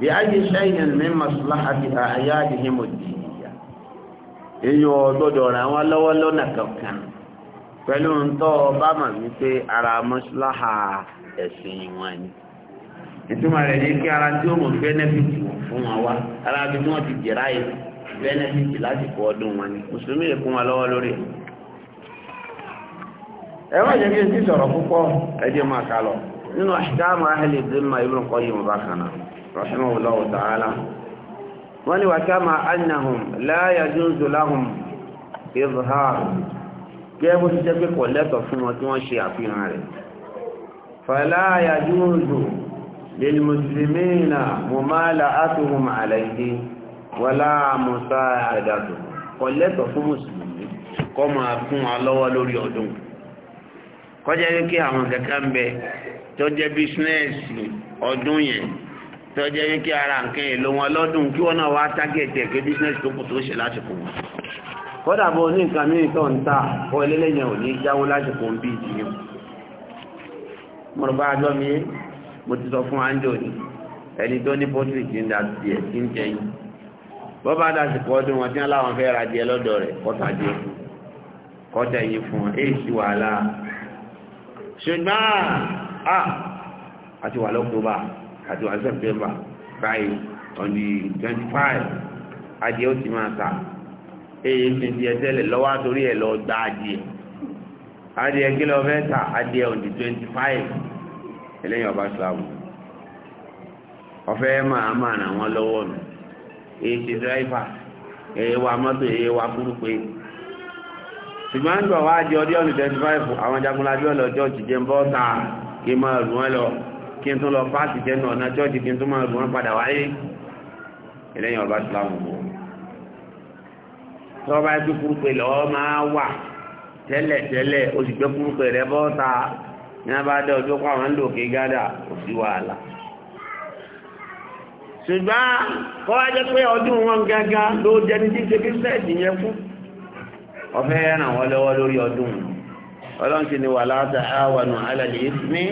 بأي شيء من مصلحة أعيادهم الدينية iyo gbọ́dọ̀ ràn wọ́n lọ́wọ́ lọ́nà kankan pẹ̀lú ń tọ́ bá mà wípé ara mọ́ṣíláhà ẹ̀sìn wọn ni ìtumọ̀ rẹ̀ ní kí ara tí ó mọ̀ bẹ́nẹ́fìtì fún wọn wá ara bí wọ́n ti jẹ̀ráyè bẹ́nẹ́fìtì lásìkò ọdún wọn ni mùsùlùmí lè kún wọn lọ́wọ́ lórí ẹ̀ ẹ̀rọ jẹ́ kí n sọ̀rọ̀ púpọ̀ ẹjẹ́ máa kà lọ nínú ahkamu ahli dhimma Ibn Qayyim bákan náà rahimahullahu ta'ala wọ́n ni wa kama annahum la yajuzu lahum izhar gẹ́gẹ́ bó ti jẹ́ pé tí wọ́n ṣe àfihàn rẹ̀ fala yajuzu lil muslimina mumala'atuhum alayhi wala musa'adatuhum fún mùsùlùmí kọ́ máa fún wa lórí ọdún kọjá yìí kí àwọn kẹ̀kẹ́ ń bẹ tó jẹ́ bísínẹ́ẹ̀sì ọdún yẹn tó jẹ́ yìí kí ara nǹkan èlò wọn lọ́dún kí wọ́n náà wá tágẹ̀tì ẹ̀kẹ́ bísínẹ́ẹ̀sì tó kù tó ṣe lásìkò wọn kódà bó ní nǹkan mí tó ń ta ọ ẹlẹ́lẹ́yìn ò ní jáwó lásìkò ń bí ìdíyàn mo rò bá a jọ mi yé mo ti sọ fún anjo ni ẹni tó ní pọ́tìrì ti ń da tiẹ̀ ti ń jẹyìn bọ́ bá dásìkò ọdún wọn tí wọ́n láwọn fẹ́ ra díẹ̀ lọ́dọ̀ rẹ̀ kọ́ta díẹ̀ fún kọ́ta ẹ̀yìn fún ẹ̀ sí wàhálà ṣùgbọ́n à àti wà lọ́kùnbà àti wà sẹ́pẹ̀mbà báyìí on the twenty five adìẹ ó ti máa ta èyí ti di ẹtẹ́lẹ̀ lọ́wọ́ àtòrí ẹ̀ lọ gba adìẹ adìẹ kí lọ fẹ́ on the twenty five ẹlẹ́yìn ọba ṣàwù ọ̀fẹ́ máa máa ràn wọ́n lọ́wọ́ nù èyí ti dírẹ́fà èyí wa mọ́tò èyí wa kúrú ṣùgbọ́n ń gbọ̀ wá di ọdí ọ̀nà 25 àwọn jagunlajú ọ̀lọ́ jọ́ọ̀jì jẹ́ ń bọ́ ta kí máa rù wọ́n lọ kí n tún lọ fáàtì jẹ́nu ọ̀nà jọ́ọ̀jì kí n tún máa rù wọ́n padà wáyé ẹlẹ́yìn ọba ìsìlámù mọ́ tọ́ba ẹbí kúrúpé lọ́ọ́ máa wà tẹ́lẹ̀ tẹ́lẹ̀ o sì gbé kúrúpé rẹ bọ́ ta ṣùgbọ́n kọ́ jẹ́ pé ọdún wọn gángan ló jẹ́ ní ọfẹ́ ràn wọ́n lọ́wọ́ lórí ọdún ọlọ́run ti ní wà láta àwọn alàlẹ́ ní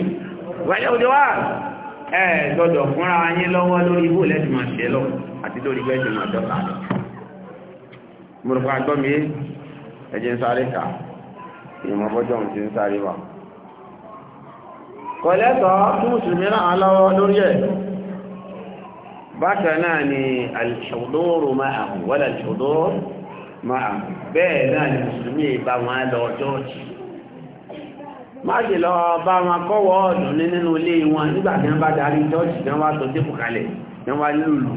wáyé òde wá ẹ gbọ́dọ̀ fúnra yín lọ́wọ́ lórí ibò lẹ́sìn máa ṣe lọ àti lórí bẹ́ẹ̀ máa dọ́ta lọ mùrùkọ àgbọ́mi ni al-hudur ma'ahu wala al-hudur máa bẹ́ẹ̀ náà ni mùsùlùmí ìbá wọn lọ jọ́ọ̀jì má sì lọ bá wọn kọ́wọ́ ọ̀dùn ní nínú ilé wọn nígbà tí wọ́n bá darí jọ́ọ̀jì tí wọ́n wá tó dépò kalẹ̀ tí wọ́n wá lùlù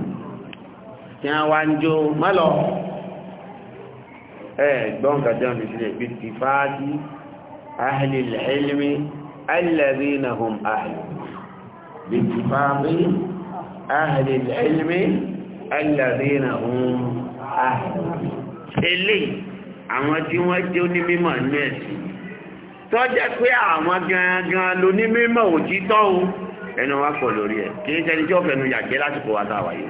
tí wọ́n wá ń jó má lọ ẹ gbọ́n gàdá mi sílẹ̀ bí ti fáájú ahli ilmi alladhina hum ahli bí ti fáájú ahli ilmi eléyìí àwọn tí wọ́n jẹ́ onímọ̀ ní ẹ̀sìn tó jẹ́ pé àwọn gangan lónímọ̀ òtítọ́ o ẹnu wa pọ̀ lórí ẹ̀ kí n sẹ́ni tí ó fẹnu yàgbẹ́ lásìkò wa tá a wáyé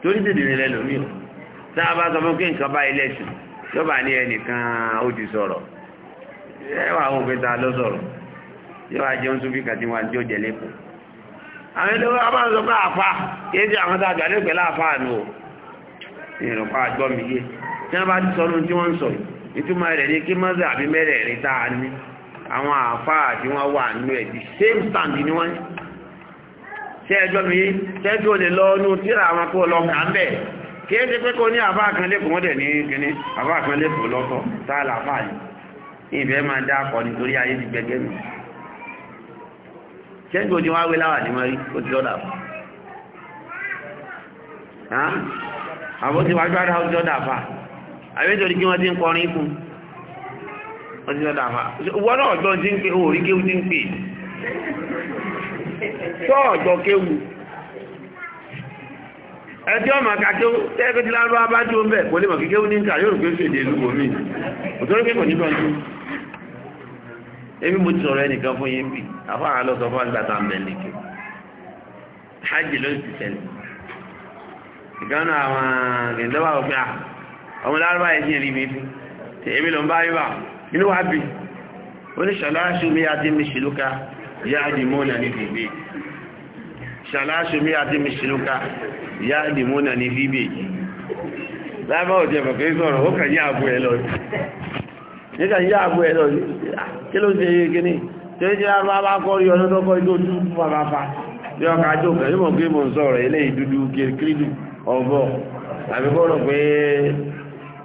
tó ní dìde nílẹ̀ lómi o tá sọ fún kí nǹkan bá ilé sùn tó bá ní ẹnìkan ó ti sọ̀rọ̀ ẹ àwọn òfin ta ló sọ̀rọ̀ yóò wá jẹun súnfì kàtí wọn tí ó jẹ lẹ́kọ̀ọ́ àwọn ilé wa bá sọ pé àfa kí n sẹ́ àwọn tá a gbà lẹ́gbẹ̀ẹ́ láàfa nù o ìrùkọ́ àgbọ̀ mi tí wọ́n bá ti sọ lóhun tí wọ́n ń sọ ìtumọ̀ rẹ̀ ní kí mọ́sẹ̀ àbí mẹ́rẹ̀ẹ̀rin tá a ní àwọn àáfàá tí wọ́n wà nínú ẹ̀ the same stand ni wọ́n ṣe ẹjọ́ mi tẹ́jú ò lè lọ ní tíra àwọn kó lọ kà ń bẹ̀ kí é ṣe pé kó ní àbá kan lẹ́kùn wọ́n dẹ̀ ní kíní àbá kan lẹ́kùn lọ́tọ̀ táàlà àfáà yìí ìfẹ́ máa dá akọ nítorí ayé ti gbẹgẹ́ mi tẹ́jú òjò wá wé láwà ní mọ́rí ó ti lọ́dà fún àbó ti ti lọ́dà fún àbí torí kí wọ́n ti ń kọrin ikú wọ́n ti lọ́dà àfà wọ́n náà ọ̀gbọ́n ti ń pè orí kéwú ti ń pè tó ọ̀gbọ́n kéwú ẹtí ọmọ kàkéwú tẹ́ẹ̀kẹ́ ti lárú abájú ń bẹ̀ kò lè mọ̀ kí kéwú ní ń kà yóò pé fèdè lúgbò mí òtórí pé kò ní bọ́jú ebi mo ti sọ̀rọ̀ ẹnìkan fún yín bì àfọ àwọn lọ sọ fún àgbà tá à ń bẹ̀ nìkè hajj ló ti ṣẹlẹ̀ ìkànnà àwọn ìdánwà òpin à àwọn lárúbá ẹ̀sìn rí mi fún èmi lọ bá ríwà inú wa bí oní ṣàláṣù mi àti mi ṣìlúka ìyá àdìmọ́nà ní fìbè ṣàláṣù mi àti mi ṣìlúka ìyá àdìmọ́nà ní fìbè lábá òjò ẹ̀fọ̀ kì í sọ̀rọ̀ ó kàn yí àbú ẹ lọ ní kàn yí àbú ẹ lọ kí ló ń ṣe yé kíní tí ó jẹ́ bá bá kọ́ rí ọdún tọ́kọ́ igbó tún fún bàbá fa bí ọkà jò kàn yí mọ̀ pé mò ń sọ̀rọ̀ eléyìí dúdú kiri dùn ọ̀bọ̀ àbíkọ́ rọ̀ pé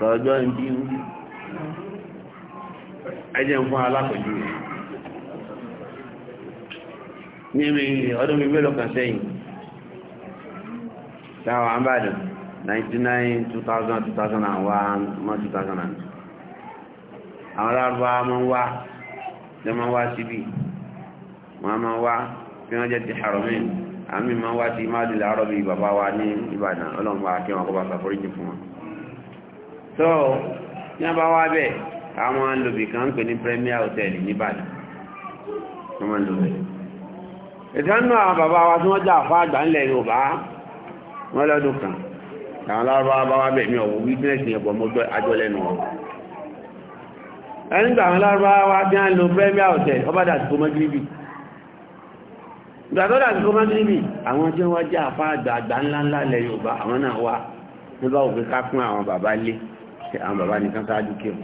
tọ́jọ́ ìbí ń rí ẹjẹ́ ń fún alápẹ̀jú rẹ̀ níbi ọdún bíbí lọ́kàn sẹ́yìn táwọn àbádùn 99 àwọn aláàbá mọ́ wá jẹ́ mọ́ wá síbí wọ́n mọ́ wá kí wọ́n jẹ́ ti Haramain àmì mọ́ wá sí máàdìlá àrọ́bí bàbá wa ní Ìbàdàn ọlọ́mọ akẹ́wọ̀n kọ́ bá ṣàforíjì fún wọn tó ní a bá wá bẹ̀ àwọn alòbì kan ń pè ní premier hotel níbàdàn wọ́n máa ń lò bẹ̀ ìtẹ́nú àwọn bàbá wa tí wọ́n jà fún àgbà ńlẹ̀ Yorùbá wọ́n lọ́dún kan àwọn lárúbáwá bá wá bẹ̀ mí ọ̀wọ́ witness ní ẹ̀bọ̀ mọ́jọ́ ajọ́lẹ́nu ọ̀ ẹni gbà àwọn lárúbáwá bí wọ́n lo premier hotel ọba dà sí kó mọ́gíríbì gbàtọ́dà sí kó mọ́gíríbì àwọn tí wọ́n jà fún àgbà àgbà ńláńlá lẹ̀ Yorùbá àwọn náà wà nígbà òfin ká fún àwọn bàbá lé àwọn bàbá nìkan sáájú kírun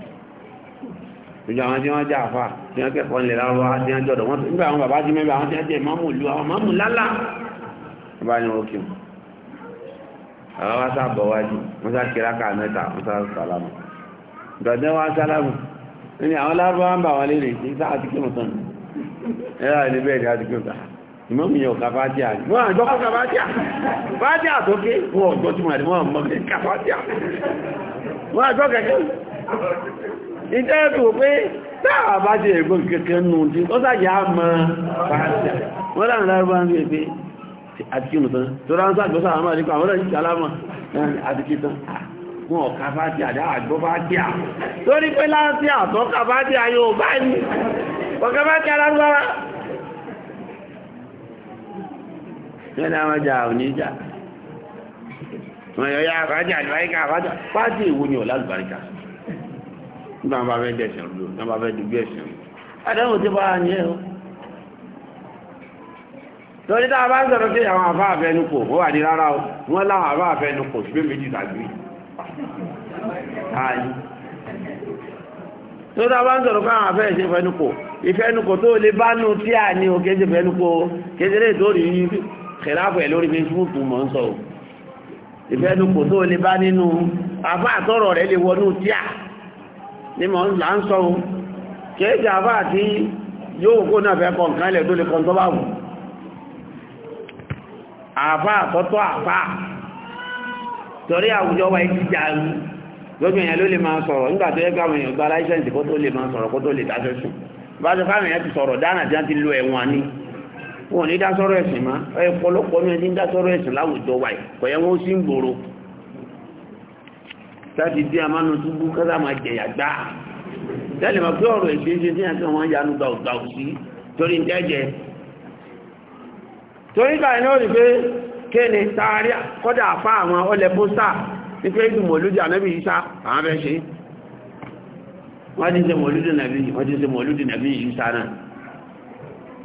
lójú àwọn tí wọ́n já àfà tí wọ́n kẹ́kọ̀ọ́ ńlẹ̀ lárúbáwá tí wọ́n jọ̀dọ̀ wọ́n nígbà àwọn bàbá jí mẹ́bẹ̀ àwọn tí wọ́n jẹ́ ìmáàmù ìlú àwọn máàmù lálá bàbá ni wọ́n kírun àwọn wá sábọ̀ wájú wọ́n sá kí rákà mẹ́ta wọ́n sá sálámù gbọ̀dẹ́ wá sálámù ní àwọn lárúbáwá ń bà wọ́n lé rè sí sáà ti kírun tán ẹ̀rọ ilé bẹ́ẹ̀ ni a ti kírun tán ìmọ̀mù yẹn ọ̀ka fàájíà ní wọ́n àjọ́kọ́ wọ́n àjọ́ kẹ̀kẹ́ ìjẹ́ tó pé táà bá jẹ ẹ̀gbọ́n kẹ̀kẹ́ nù tí ó sàjẹ́ á mọ́ wọ́n láàrín lárúbá ń gbé àti kí nùtán tó rán sáàjọ́ sáà máa nípa àwọn ìjẹ́ alámọ̀ àti kí tán wọn ọ̀ká bá jẹ́ àdá wọn yọ ya àbájá àlùbáríkà àbájá pàtì èwo ni ọ̀la àlùbáríkà nígbà wọn bá fẹ́ dẹ̀sẹ̀ rú lò nígbà wọn bá fẹ́ dùgbẹ́ ẹ̀sẹ̀ rú àdáhùn ti bá a ní ẹ o lórí tá a bá ń sọ̀rọ̀ sí àwọn àbá àfẹnukò ó wà ní rárá o wọ́n láwọn àbá àfẹnukò sí pé méjì tàbí ààyè tó tá a bá ń sọ̀rọ̀ fáwọn àfẹ́ ìṣe fẹnukò ìfẹnukò tó lè bá nù tí a ní o kéde fẹnukò kéde lè tó rí kẹláfẹ̀ lórí Facebook mọ̀ ń sọ o ìfẹ́dùkù tó lè bá nínú àbá àtọ́rọ̀ rẹ̀ lè wọnú tíà ní mọ̀ ńlá ń sọ ohun kéèkì àbá àti yóò kó náà fẹ́ kọ̀ nǹkan ilẹ̀ tó lè kọ̀ntọ́ bá wù àbá àtọ́tọ́ àbá torí àwùjọ wa ti jàrú lójú èèyàn ló lè máa sọ̀rọ̀ nígbà tó yẹ káwọn èèyàn gba láìsẹ̀ǹsì kó tó lè máa sọ̀rọ̀ kó tó lè dáṣẹ́sùn bá sọ káwọn èèyàn ti sọ̀rọ̀ dáná tí wọ́n ti lo ẹ̀wọ̀n ni wọn ní dásọ́rọ̀ ma ọ ẹ pọ̀lọpọ̀ ní ẹni dásọ́rọ̀ ẹ̀sìn láwùjọ wáyé kọyẹ wọn ó sì ń gbòòrò láti dé amánu túbú máa jẹ̀yà gbá tẹ́lẹ̀ mọ̀ pé ọ̀rọ̀ èdè ṣe tí àti wọn yanu òsì torí ń torí ká ó rí pé taari kọ́dà àwọn ní pé ìdùn mọ̀lúdì àwọn fẹ́ ṣe wọ́n ti ṣe mọ̀lúdì nàbí náà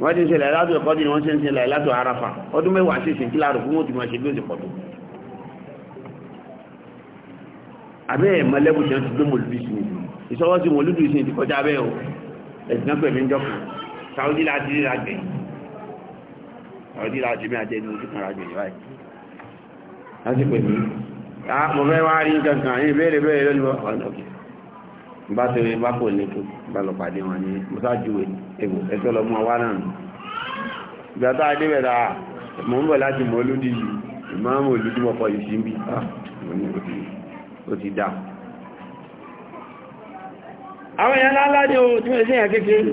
wọ́n ti ń ṣe láìlátò ẹ̀kọ́ tí wọ́n ṣe ń ṣe láìlátò arafa ọdún mẹ́wàá sí ìsìn kíláàrù fún òtù máa ṣe bí ó ti pọ̀tọ̀ abẹ́ ẹ̀ mọ́lẹ́bù ṣe ń ti gbé mọ̀lúdù sí ni ìṣọwọ́ sí mọ̀lúdù sí ti kọjá abẹ́ o ẹ̀sìn pẹ̀lú ìjọkùn Saudi láti rí rajẹ̀ Saudi láti rí rajẹ̀ ní ojú kan rajẹ̀ báyìí láti pẹ̀lú ah, mo fẹ́ wá rí nǹkan kan ìbéèrè bẹ́ẹ̀ lónìí bá tó rí bá kò ní tó bá lọ pàdé wọn ní mọ́sájúwe egbò ẹ̀tọ́ lọ mú ọwá náà nù ìgbà tó adé bẹ̀rẹ̀ à mọ̀ ń bọ̀ láti mọ̀ olódì yìí ìmáàmù olódì mọ̀kọ yìí sí ń bí ah, ó ti dá àwọn èèyàn láńlá ní ohun tí wọ́n sí èèyàn kékeré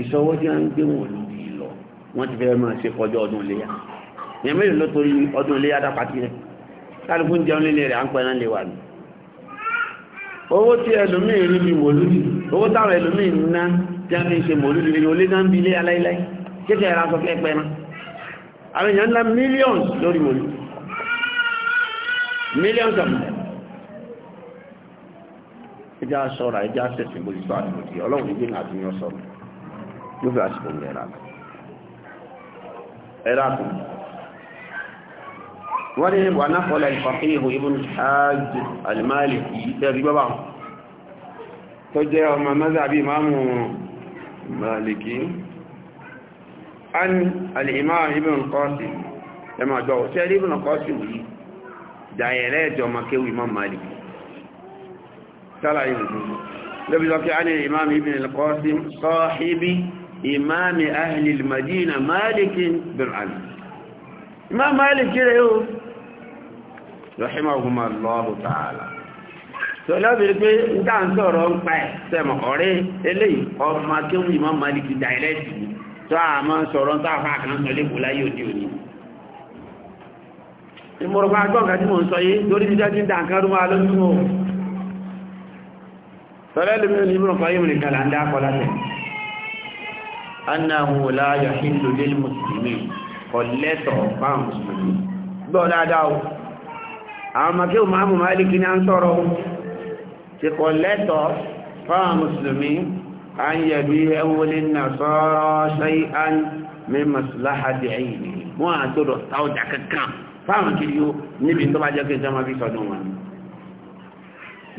ìṣọwọ́ tí a ń gbé wọn lórí lọ wọ́n ti fẹ́ máa ṣe kọjá ọdún iléyà ìyẹn mélòó ló torí ọdún iléyà dá rẹ̀ kálukú ń jẹun lílé rẹ̀ à ń pẹ́ náà lè wà ní owó tí ẹlòmí rí bí mòlúdì owó táwọn ẹlòmí ná tí a fi ṣe mòlúdì rí olé náà ń bi ilé aláìláì kéde ẹ̀rọ aṣọ fẹ́ pẹ́ náà àwọn èèyàn ńlá millions lórí mòlúdì millions of them ẹjá sọ́ra ẹjá sẹ̀sìn bó ti sọ àti bòtí ọlọ́run ní gbẹ̀ngà àti ní ọ̀sọ́rọ̀ ló fi àsìkò ń ẹ̀rọ ẹ̀rọ wọ́n ní wà náà kọ́lá ìfàkíhù ibùn hajj al-Maliki tẹ́rí gbọ́bà tó jẹ́ ọmọ mazhabi imamu maliki an al-imam ibùn Qasim ẹmà jọ tẹ́rí ibùn Qasim yìí dàyẹ̀rẹ́ ẹjọ makéwì imam maliki tálàyé nìyí lóbi lọ́kí an al-imam ibùn rẹ̀ yóò rahimahuma Allahu ta'ala tó lọ́bìnrin pé ń dá ń sọ̀rọ̀ ń pa ẹ̀ sẹ́mọ̀ ọ̀rẹ́ eléyìí ọmọ akéwì Imam Maliki dàílẹ́tì tó àmọ́ sọ̀rọ̀ tó àfáà kan sọ lẹ́kọ̀ọ́ láyé òde òní ìmọ̀rọ̀pá agbọ́nkà tí mo ń sọ yìí lórí jíjá jí ń dá nǹkan rúmọ́ alójúmọ́ sọ́lẹ́lùmí ní ìmọ̀rọ̀pá yìí àwọn makí o máa mú máàlìkì ní à ń sọ̀rọ̀ ti kọ̀ lẹ́tọ̀ fáwọn mùsùlùmí à ń yẹ̀bí ẹwọlé náà sọ́rọ̀ ṣẹ́yí à ń mí màsùláhà dì ẹ̀yìn wọn àtọ́dọ̀ táwọjà kankan fáwọn kiri yóò níbi tó bá jẹ́ kí n fi sọdún wọn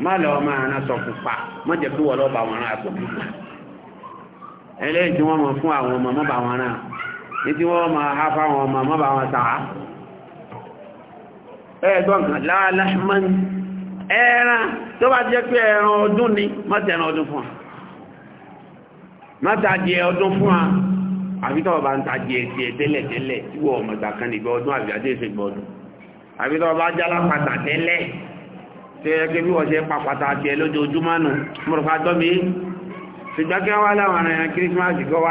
má lọ máa ná sọ pupa má jẹ́ kí wọ́n bá wọn rán aṣọ ẹlẹ́yìn tí ẹ̀gbọ́n kan láàláhmán ẹran tó bá jẹ́ pé ẹran ọdún ni mọ́tí ẹran ọdún fún wa mọ́tàdì ọdún fún wa àbí tọ́wọ́ bá ń ta jẹ ẹ̀sì ẹ̀tẹ́lẹ̀ tẹ́lẹ̀ tí wọ́n mọ̀ta kan nígbà ọdún àbí àti èsè gbọ́dún àbí tọ́wọ́ bá jálá pàtà tẹ́lẹ̀ tí ó yẹ kí wọ́n ṣe pa pàtà àti ẹ̀ lójoojúmọ́ nù mọ̀rọ̀fà tọ́mi ṣùgbọ́n kí fẹ́ràn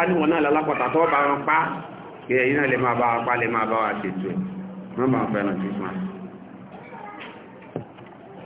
kírísímásì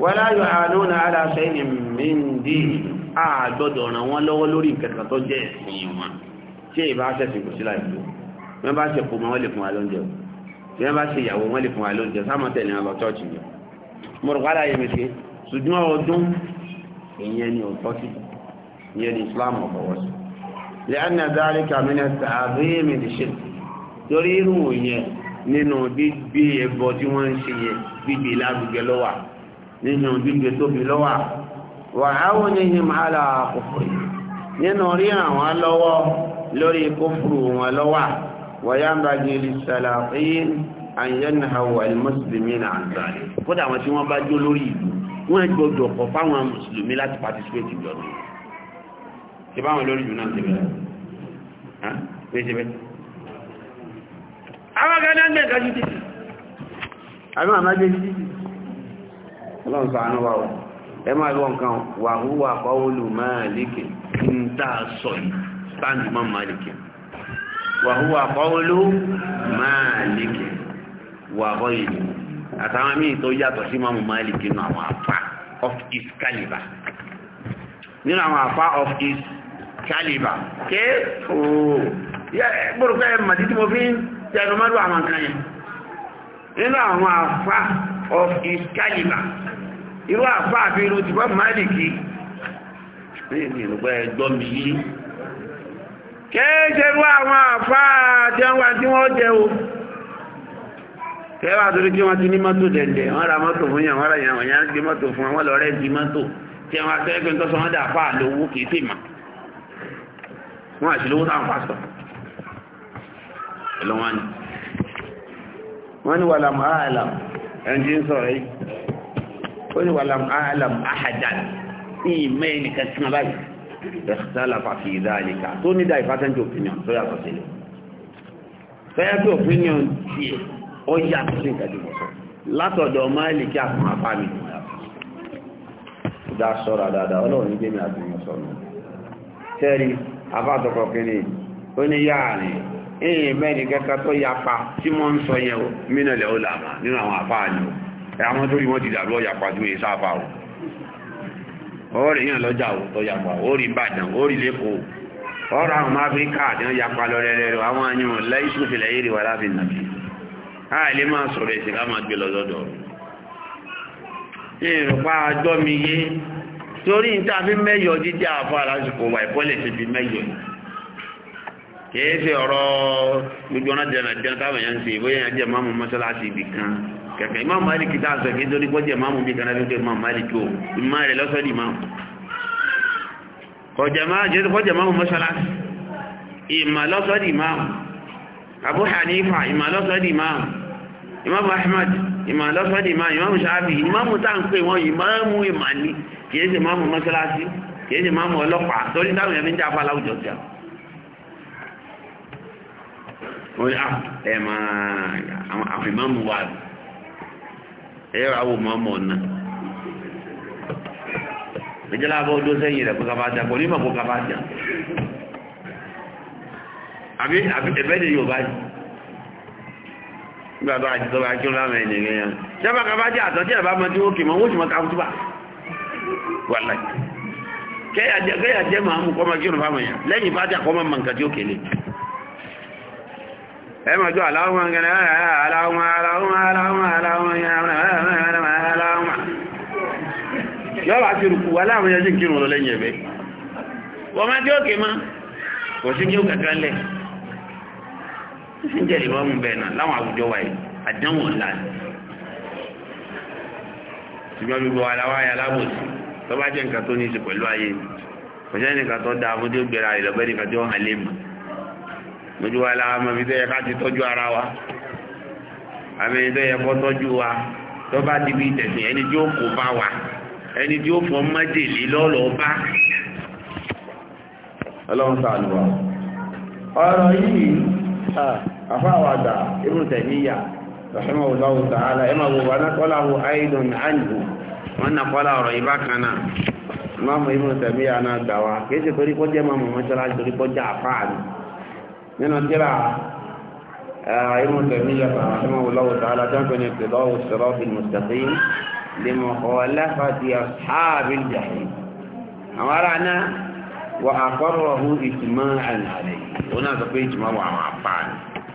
wọ́lá yóò àlónà aláṣẹ ìní mìíndì àgbọ́dọ̀ ràn wọ́n lọ́wọ́ lórí ìkẹta tó jẹ́ ẹ̀sìn wọn tí èyí bá ṣẹ̀sìn kò sí láìpẹ́ wọ́n bá ṣe kó wọn lè fún wa lóúnjẹ o tí wọ́n bá ṣe ìyàwó wọn lè fún wa lóúnjẹ sáwọn tẹ̀lé wọn lọ nínú gbígbé tóbi lọ́wà wà áwọn níhi màálà kòkòrò nínú ríran wọn lọ́wọ́ lórí kófùrù wọn lọ́wà wọ́yá ń bá gẹ̀ẹ́lì sàlàfíìn àyẹ́nà àwọn mùsùlùmí náà ń sáré kódà wọn tí wọ́n bá jó lórí ìlú wọ́n gbọ́dọ̀ kọ̀ fáwọn mùsùlùmí láti participate lọ́dún ṣe àwọn akẹ́lẹ́ ń ọlọ́run ṣàánú wa o ẹ máa lọ nǹkan wà húwà kọ́wọ́lù máàlìkì ń tà sọ yìí sáàndì mọ́ máàlìkì wà húwà kọ́wọ́lù máàlìkì wà họ́ ìlú àtàwọn míì tó yàtọ̀ sí mọ́mù máàlìkì nù àwọn àfà of his caliber nínú àwọn àfà of his caliber ké ooo gbọ́dọ̀ fẹ́ màdí tí mo fi ń tẹnu mọ́dún àwọn kan yẹn nínú àwọn àfà of his caliber irú àfa àbí irú ti bá máàlìkì bẹ́ẹ̀ ni ìrùgbà ẹ̀gbọ́n mi yí kéèjé irú àwọn àfa àjẹwà tí wọ́n jẹ o kẹwàá torí kí wọ́n ti ní mọ́tò dẹ̀dẹ̀ wọ́n ra mọ́tò fún yàn wọ́n ra yàn wọ́n yàn gbé mọ́tò fún wọn lọ rẹ́ di mọ́tò tí wọ́n akẹ́kọ̀ọ́ tó sọ wọ́n dà fáà lówó kìí sì mà wọ́n àti lówó táwọn pásítọ̀ ẹ̀lọ́wọ́n ni wọ́n ní wàlàmù àlàm ẹni tí ń sọ̀rọ̀ yìí ó ní wàlám alam ahadan ní ìmọ̀ ẹnìkan tí wọ́n báyìí ẹ̀sítàlá fàfi ìdáàlìkà tó ní dá ìfàtẹ́ntì opinion tó yàtọ̀ sí lọ fẹ́ẹ́ pé opinion tiẹ̀ ó yàtọ̀ sí nǹkan jùlọ sọ látọ̀dọ̀ máìlì kí àfún apá mi dá sọ́ra dáadáa ọlọ́run ní gbẹ́mí àtúnyọ sọ́nà tẹ́rí afátọkọ̀ kiri ó ní yáà rìn èèyàn mẹ́rin kẹ́kẹ́ tó yapa tí wọ́n ń sọ yẹn mínà lẹ́ọ́lá nínú àwọn àfáà ni ó àwọn tó rí wọ́n ti dàrú ọ̀yà pàdú èyí sáfà o ọ̀rẹ́ yàn lọ́jà ò tọ́ yàpá orí ìbàdàn orí lẹ́kọ̀ọ́ ọ̀rọ̀ àwọn áfíríkà àti wọ́n yàpá lọ rẹ̀rẹ̀ àwọn àyàn lẹ́yìn fìlẹ̀ yìí wà láàfin nàbí àìlè máa sọ̀rọ̀ ẹ̀sìn ká máa gbé lọ lọ́dọ̀ ìrùpá kìí ṣe ọ̀rọ̀ gbogbo ọ̀nà jẹ̀nà jẹ̀nà táwọn èèyàn ń ṣe bóyá èèyàn jẹ́ máàmù mọ́ṣáláṣí ibì kan kẹ̀kẹ́ ìmáàmù Málíkì tá a sọ kí nítorí pọ́jẹ́ máàmù bí kan lábẹ́ pé máàmù Málíkì o ìmá rẹ̀ lọ́sọ̀ máàmù kọjẹ́ máàmù mọ́ṣáláṣí ìmà lọ́sọ̀ máàmù Abu Hanifa ìmà lọ́sọ̀ di máàmù ìmáàmù Ahmad ìmà lọ́sọ̀ di máàmù ìmáàmù Shafi ìmáàmù tá à ń pè wọ́n ìmáàmù ìmà ni kìí ṣe máàmù mọ́ṣáláṣí kìí ṣe máàmù orí ah, ẹ máa àwọn àfìmọ́mù wà ẹ yọ àwọn mọ́mù ọ̀nà ìjọba abọ́ ọdún sẹ́yìn rẹ̀ kó kaba jà kò ní mọ̀ kó kaba jà àbí ẹ̀bẹ́ ni yóò báyìí nígbà tó àti sọ́ba kí ó láwọn ẹni rẹ̀ yẹn sábà kaba jà àtọ́jú ẹ̀bá mọ́ tí ó kì mọ́ wọ́n sì mọ́ káwọn túbà wà láì kẹ́yà jẹ́ màá mú kọ́mọ kí ó nù fáwọn yẹn lẹ́yìn fájà kọ́mọ mọ̀ nǹkan tí ó ẹmọ̀jọ́ aláwọ̀n gẹ̀rẹ̀ aláwọ̀n aláwọ̀n aláwọ̀n aláwọ̀n yọ́wà ti rùkú aláwọ̀n yẹ́ sí kírùn lọ lẹ́yìn ẹ̀bẹ́ wọ́n má tí ó kè máa kò sí kí ó kẹ̀kẹ́ lẹ̀ ń jẹ́lẹ̀ mọ́mú bẹ́ẹ̀ náà láwọn àwùjọ wáyé àdánwò ńlá ṣùgbọ́n gbogbo aláwáyé alábòsí tó bá jẹ́ nǹkan tó ní í ṣe pẹ̀lú ayé kò jẹ́ nǹkan tó dáa fún tí ó gbéra ìlọ́bẹ́ nǹkan tí lójú wa la mọ̀ ibi ya yẹ ká tọ́jú ara wa àmì ibi tó wa tó bá ti fi tẹ̀sìn ẹni tí ó kó bá wa ẹni tí ó lọ́lọ́ bá ọlọ́run sàánù wa ọ̀rọ̀ yìí tẹ̀míyà nínú tíra irú tẹ̀mí yàtọ̀ àwọn ọlọ́wọ́ tààlà tó ń pè ní tìlọ́wọ́ sirati mustaqim lè mọ̀ khalafati ashabil jahim àwọn ará náà wà àkọ́rọ̀ ọ̀hún ìtumọ̀ àlàyé òun náà sọ pé ìtumọ̀ wà àwọn apá ni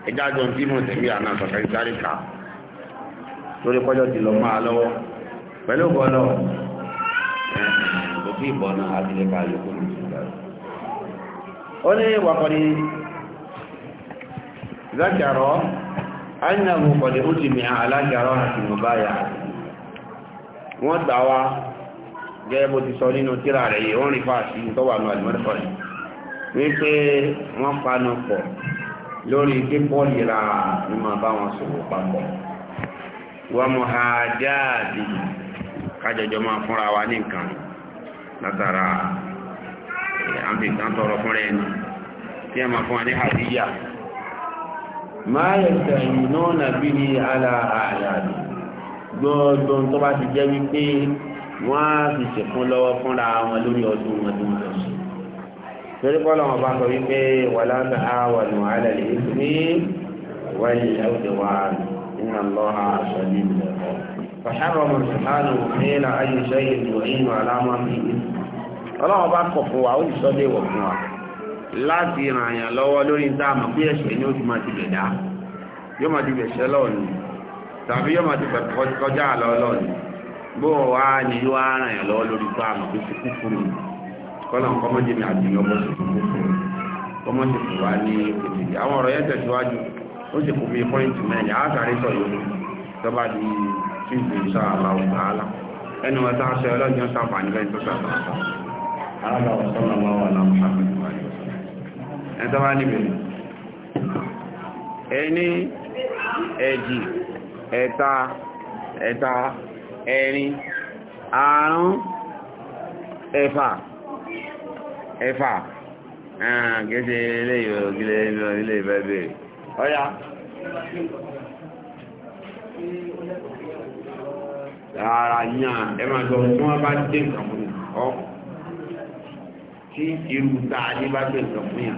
ẹjá jọ ń bímọ tẹ̀mí àná sọ̀kẹ́ ìsáré ká lórí kọjọ́ ti lọ máa lọ́wọ́ pẹ̀lú bọ́lọ́ kò ذكر أنه قد أجمع على كراهة المبايعة والدعوة جايبوا تسولين وترى عليه ونفاسي طبعا والمرفق wípé wọ́n panu pọ̀ lórí kíkọ́ yìra ní máa bá wọn sọ̀rọ̀ papọ̀ wọ́n mú ha jáàdì kájọjọ máa fúnra wa ní nǹkan látara eh, àǹfìkan tọrọ fúnra ẹni tí a máa fún wa ní hàdíyà máa yẹ̀sẹ̀ ìrìnà nàbí ní ala àyàdì gbogbo tó bá ti jẹ́ wípé wọ́n á fi ṣẹ̀kún lọ́wọ́ fúnra wọn lórí ọdún wọn tó torí bọ́lá wọn bá sọ wípé wà láta àwọn ọ̀nà alẹ́ ní wáyé ẹ̀wọ̀dẹ̀ wa إن الله شديد العقاب فحرم سبحانه وتعالى أي شيء يعين على ما فيه ọlọ́run bá kọ̀ fún wa láti ràn àyàn lọ́wọ́ lórí dáàmà pé ẹ̀ṣẹ̀ ní ó ti máa ti bẹ̀dá yóò máa ti bẹ̀ṣẹ́ lọ́ọ̀ni tàbí yóò máa ti kọjá lọ́ọ̀lọ́ọ̀ni bó wá ní yóò ràn àyàn lọ́wọ́ lórí dáàmà pé ṣe kú fún mi kọ́lọ̀ kọ́mọ́jẹ́mi àti ọmọ ṣe kú fún mi kọ́mọ́ ṣe kú wá ní òkèèrè àwọn ọ̀rọ̀ yẹn tẹ̀síwájú ó ṣe kú bí pọ́ìntì mẹ́rin àátàrí sọ yòó tọ́ba di tuesday sáà làwọn tààlà ẹnu ọ̀tá aṣọ ọlọ́jọ́ sáfà ẹ̀tọ́ bá níbẹ̀ ẹni ẹ̀jì ẹ̀ta ẹ̀ta ẹ̀rin àrún ẹ̀fà ẹ̀fà gẹ́gẹ́ ilé ìrọ̀gílẹ̀ ilé ìfẹ́ bèèrè ọya ara yàn ẹmà jọ tí wọ́n bá dé nǹkan fún tí irú ní bá dé nǹkan yàn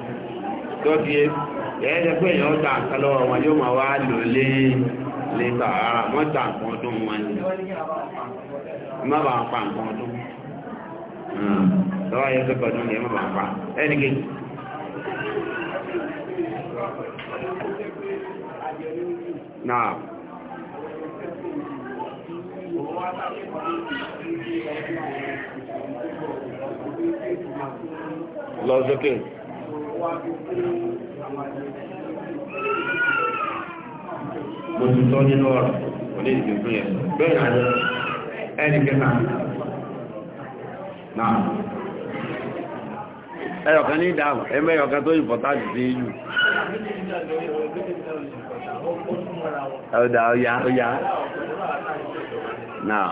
tó fi ẹ̀ẹ́dẹ̀ pé èèyàn ta nǹkan lọ́wọ́ wọn yóò máa wá lò lé lè ara wọ́n ta nǹkan ọdún wọn ni má bàa ọdún hmm. lọ́wọ́ ayé tó kọ̀ọ̀dún ni ẹ mo ti sọ nínú ọ̀rọ̀ olè ìdìbò yẹn bẹ́ẹ̀ náà ẹni kẹta náà ẹyọ̀kan ní ìdáhùn ẹmẹ́yọ̀kan tó ìbọ̀tá jù sí ìlú ọ̀dà ọ̀yá ọ̀yá náà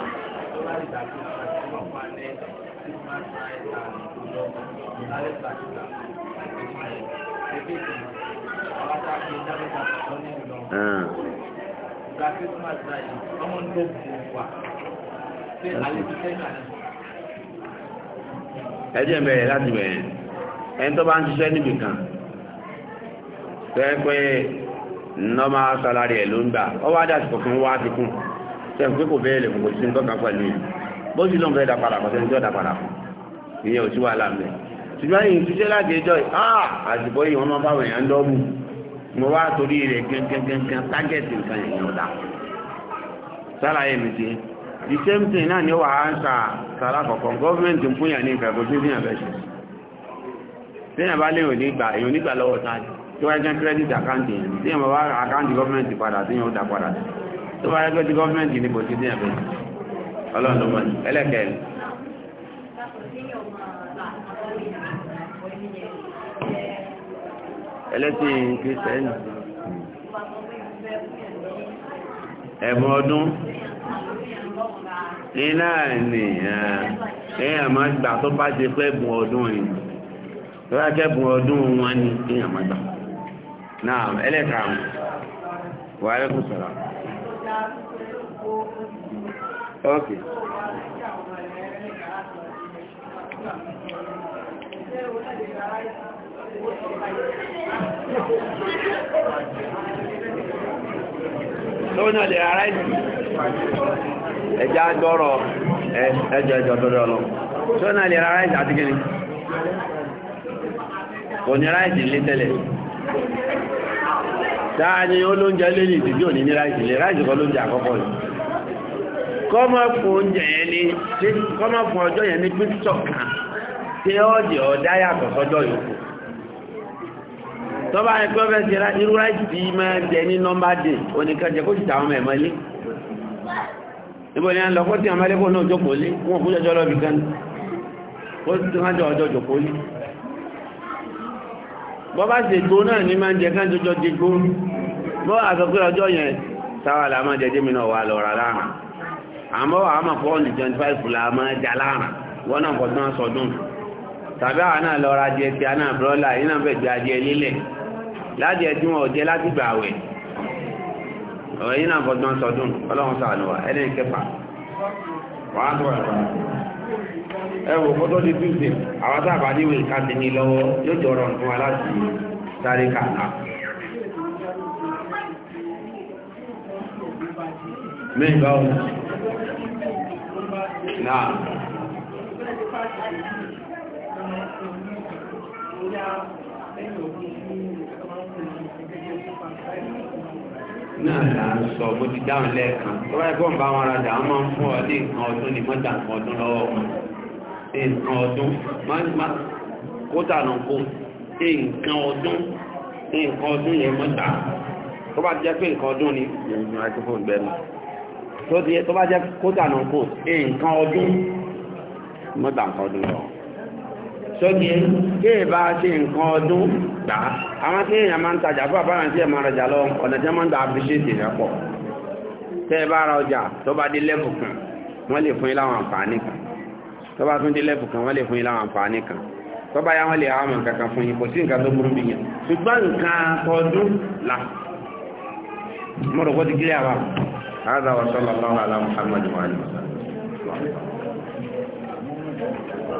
Thank you. Ah. ẹjẹ́ bẹ̀rẹ̀ láti bẹ̀rẹ̀ ẹni tó bá ń ṣiṣẹ́ níbì kan tó ẹ pé normal salary ẹ̀ ló ń gbà ọ wá dàsìkò kan wá ti kún tẹ́ ń pé kò bẹ́ẹ̀ lè kò sí ń tọ́ka pẹ̀lú yìí bó sì lóun fẹ́ dà kọ́ sẹ́ni tí ó dà fún ìyẹn ò sí wàhálà mẹ́rin ṣùgbọ́n yìí ṣiṣẹ́ lágẹjọ́ ah, àṣìbọ́ yìí wọ́n máa bá wẹ̀yàn lọ́mù mo wá torí rẹ̀ gẹ́gẹ́gẹ́gẹ́ tágẹ́tì nǹkan yẹn ọ̀dà sálàyé mi ti the same thing náà ni ó wà á ń sa sàrà kọ̀ọ̀kan gọ́ọ̀mẹ̀ntì ń fún yàn ní ìgbàgbọ́ tí yàn fẹ́ ṣe téèyàn bá léèrò nígbà èèyàn nígbà lọ́wọ́ táyì tó wáyé jẹ́ kírẹ́dìtì àkáǹtì yẹn téèyàn bá wá àkáǹtì gọ́ọ̀mẹ̀ntì padà téèyàn ó dá padà tó wáyé jẹ́ gọ́ọ̀mẹ̀ntì ní bòtí fẹ́ ṣe ọlọ́run ló mọ̀ ẹlẹ́kẹ̀ẹ́ ẹlẹ́sìn kìrìsìtẹ́nì ẹ̀bùn ọdún iná ẹ̀nì ẹ̀yàn máa gbà tó bá ṣe pé ẹ̀bùn ọdún ẹ̀ tó bá kẹ́bùn ọdún wọn ni ẹ̀yàn máa gbà náà ẹlẹ́kàrún wà lẹ́kùn sọ̀rọ̀ ok lónà lè ara ìsìn gbọ́rọ̀ ẹjọ ẹjọ tó rọ lọ lónà lè ara ìsìn àti gini kò ní ara lé tẹ́lẹ̀ dáa ni ó lóúnjẹ ìdíjú òní ní ara ìsìn lè ráìsìn kọ́ lóúnjẹ àkọ́kọ́ yìí kọ́mọ̀ fún ọjọ́ yẹn ní tọ́ba yẹn pé ọbẹ̀ jẹra irú ráìtì tí máa jẹ ní nọ́mbà dé oníkan jẹ kó sì tàwọn mẹ̀mọ́ lé níbo ni a ń lọ kọ́tí àmọ́ ẹlẹ́kọ́ náà jókòó lé wọn kú jọjọ́ lọ́bì kan ó ti wọ́n jọ ọjọ́ jókòó lé bọ́ bá ṣe gbó náà ní máa ń jẹ kán jọjọ́ jẹ gbó bọ́ àtọ́kùn ọjọ́ yẹn sáwà là máa jẹjẹ́ mi náà wà lọ rà láàrùn àmọ́ àmọ́ pọ́ọ̀lù 25 là máa jà láàrùn wọ́n náà kọ́ tán sọdún tàbí àwọn náà lọ ra jẹ ti àná àbúrọ́là yìí náà fẹ̀ jẹ ajẹ́ lílẹ̀ láti ẹ̀dún ọ̀jẹ́ láti gbà àwẹ̀ ọ̀rọ̀ yìí náà fọ́dún sọdún ọlọ́run sàánú wa ẹni kẹfà wàá tó ẹ̀rọ ẹwọ fọ́tò di tuesday àwọn sábà níwò ìka ti ní lọ́wọ́ yóò jọ ọ̀rọ̀ nǹkan aláṣì sáré náà là ń sọ bó ti dáhùn lẹ́ẹ̀kan tó bá ẹgbọ́n bá wọn rajà wọn máa ń fún ọ ní nǹkan ọdún ní mọ́tà nǹkan ọdún lọ́wọ́ wọn ní nǹkan ọdún kótà nà kó ní nǹkan ọdún ní nǹkan ọdún yẹn tó bá jẹ́ pé nǹkan ọdún ni tó bá jẹ́ nà kó ní nǹkan ọdún nǹkan ọdún lọ́wọ́ sọ́dí ẹ̀ kí ẹ bá ṣe nǹkan ọdún gbà á àwọn tí èèyàn máa ń tajà fún àbára tí ẹ máa rajà lọ ọ̀nà tí wọ́n máa ń gba àfiṣẹ́tì rẹ̀ pọ̀ tẹ́ ẹ bá ra ọjà tó bá dé lẹ́bù kan wọ́n lè fún yín láwọn àǹfààní kan tó bá tún dé lẹ́bù kan wọ́n lè fún yín láwọn àǹfààní kan tó bá yá wọ́n lè àwọn nǹkan kan fún yín kò sí nǹkan tó burú bí yẹn ṣùgbọ́n nǹkan tọdún là mo rò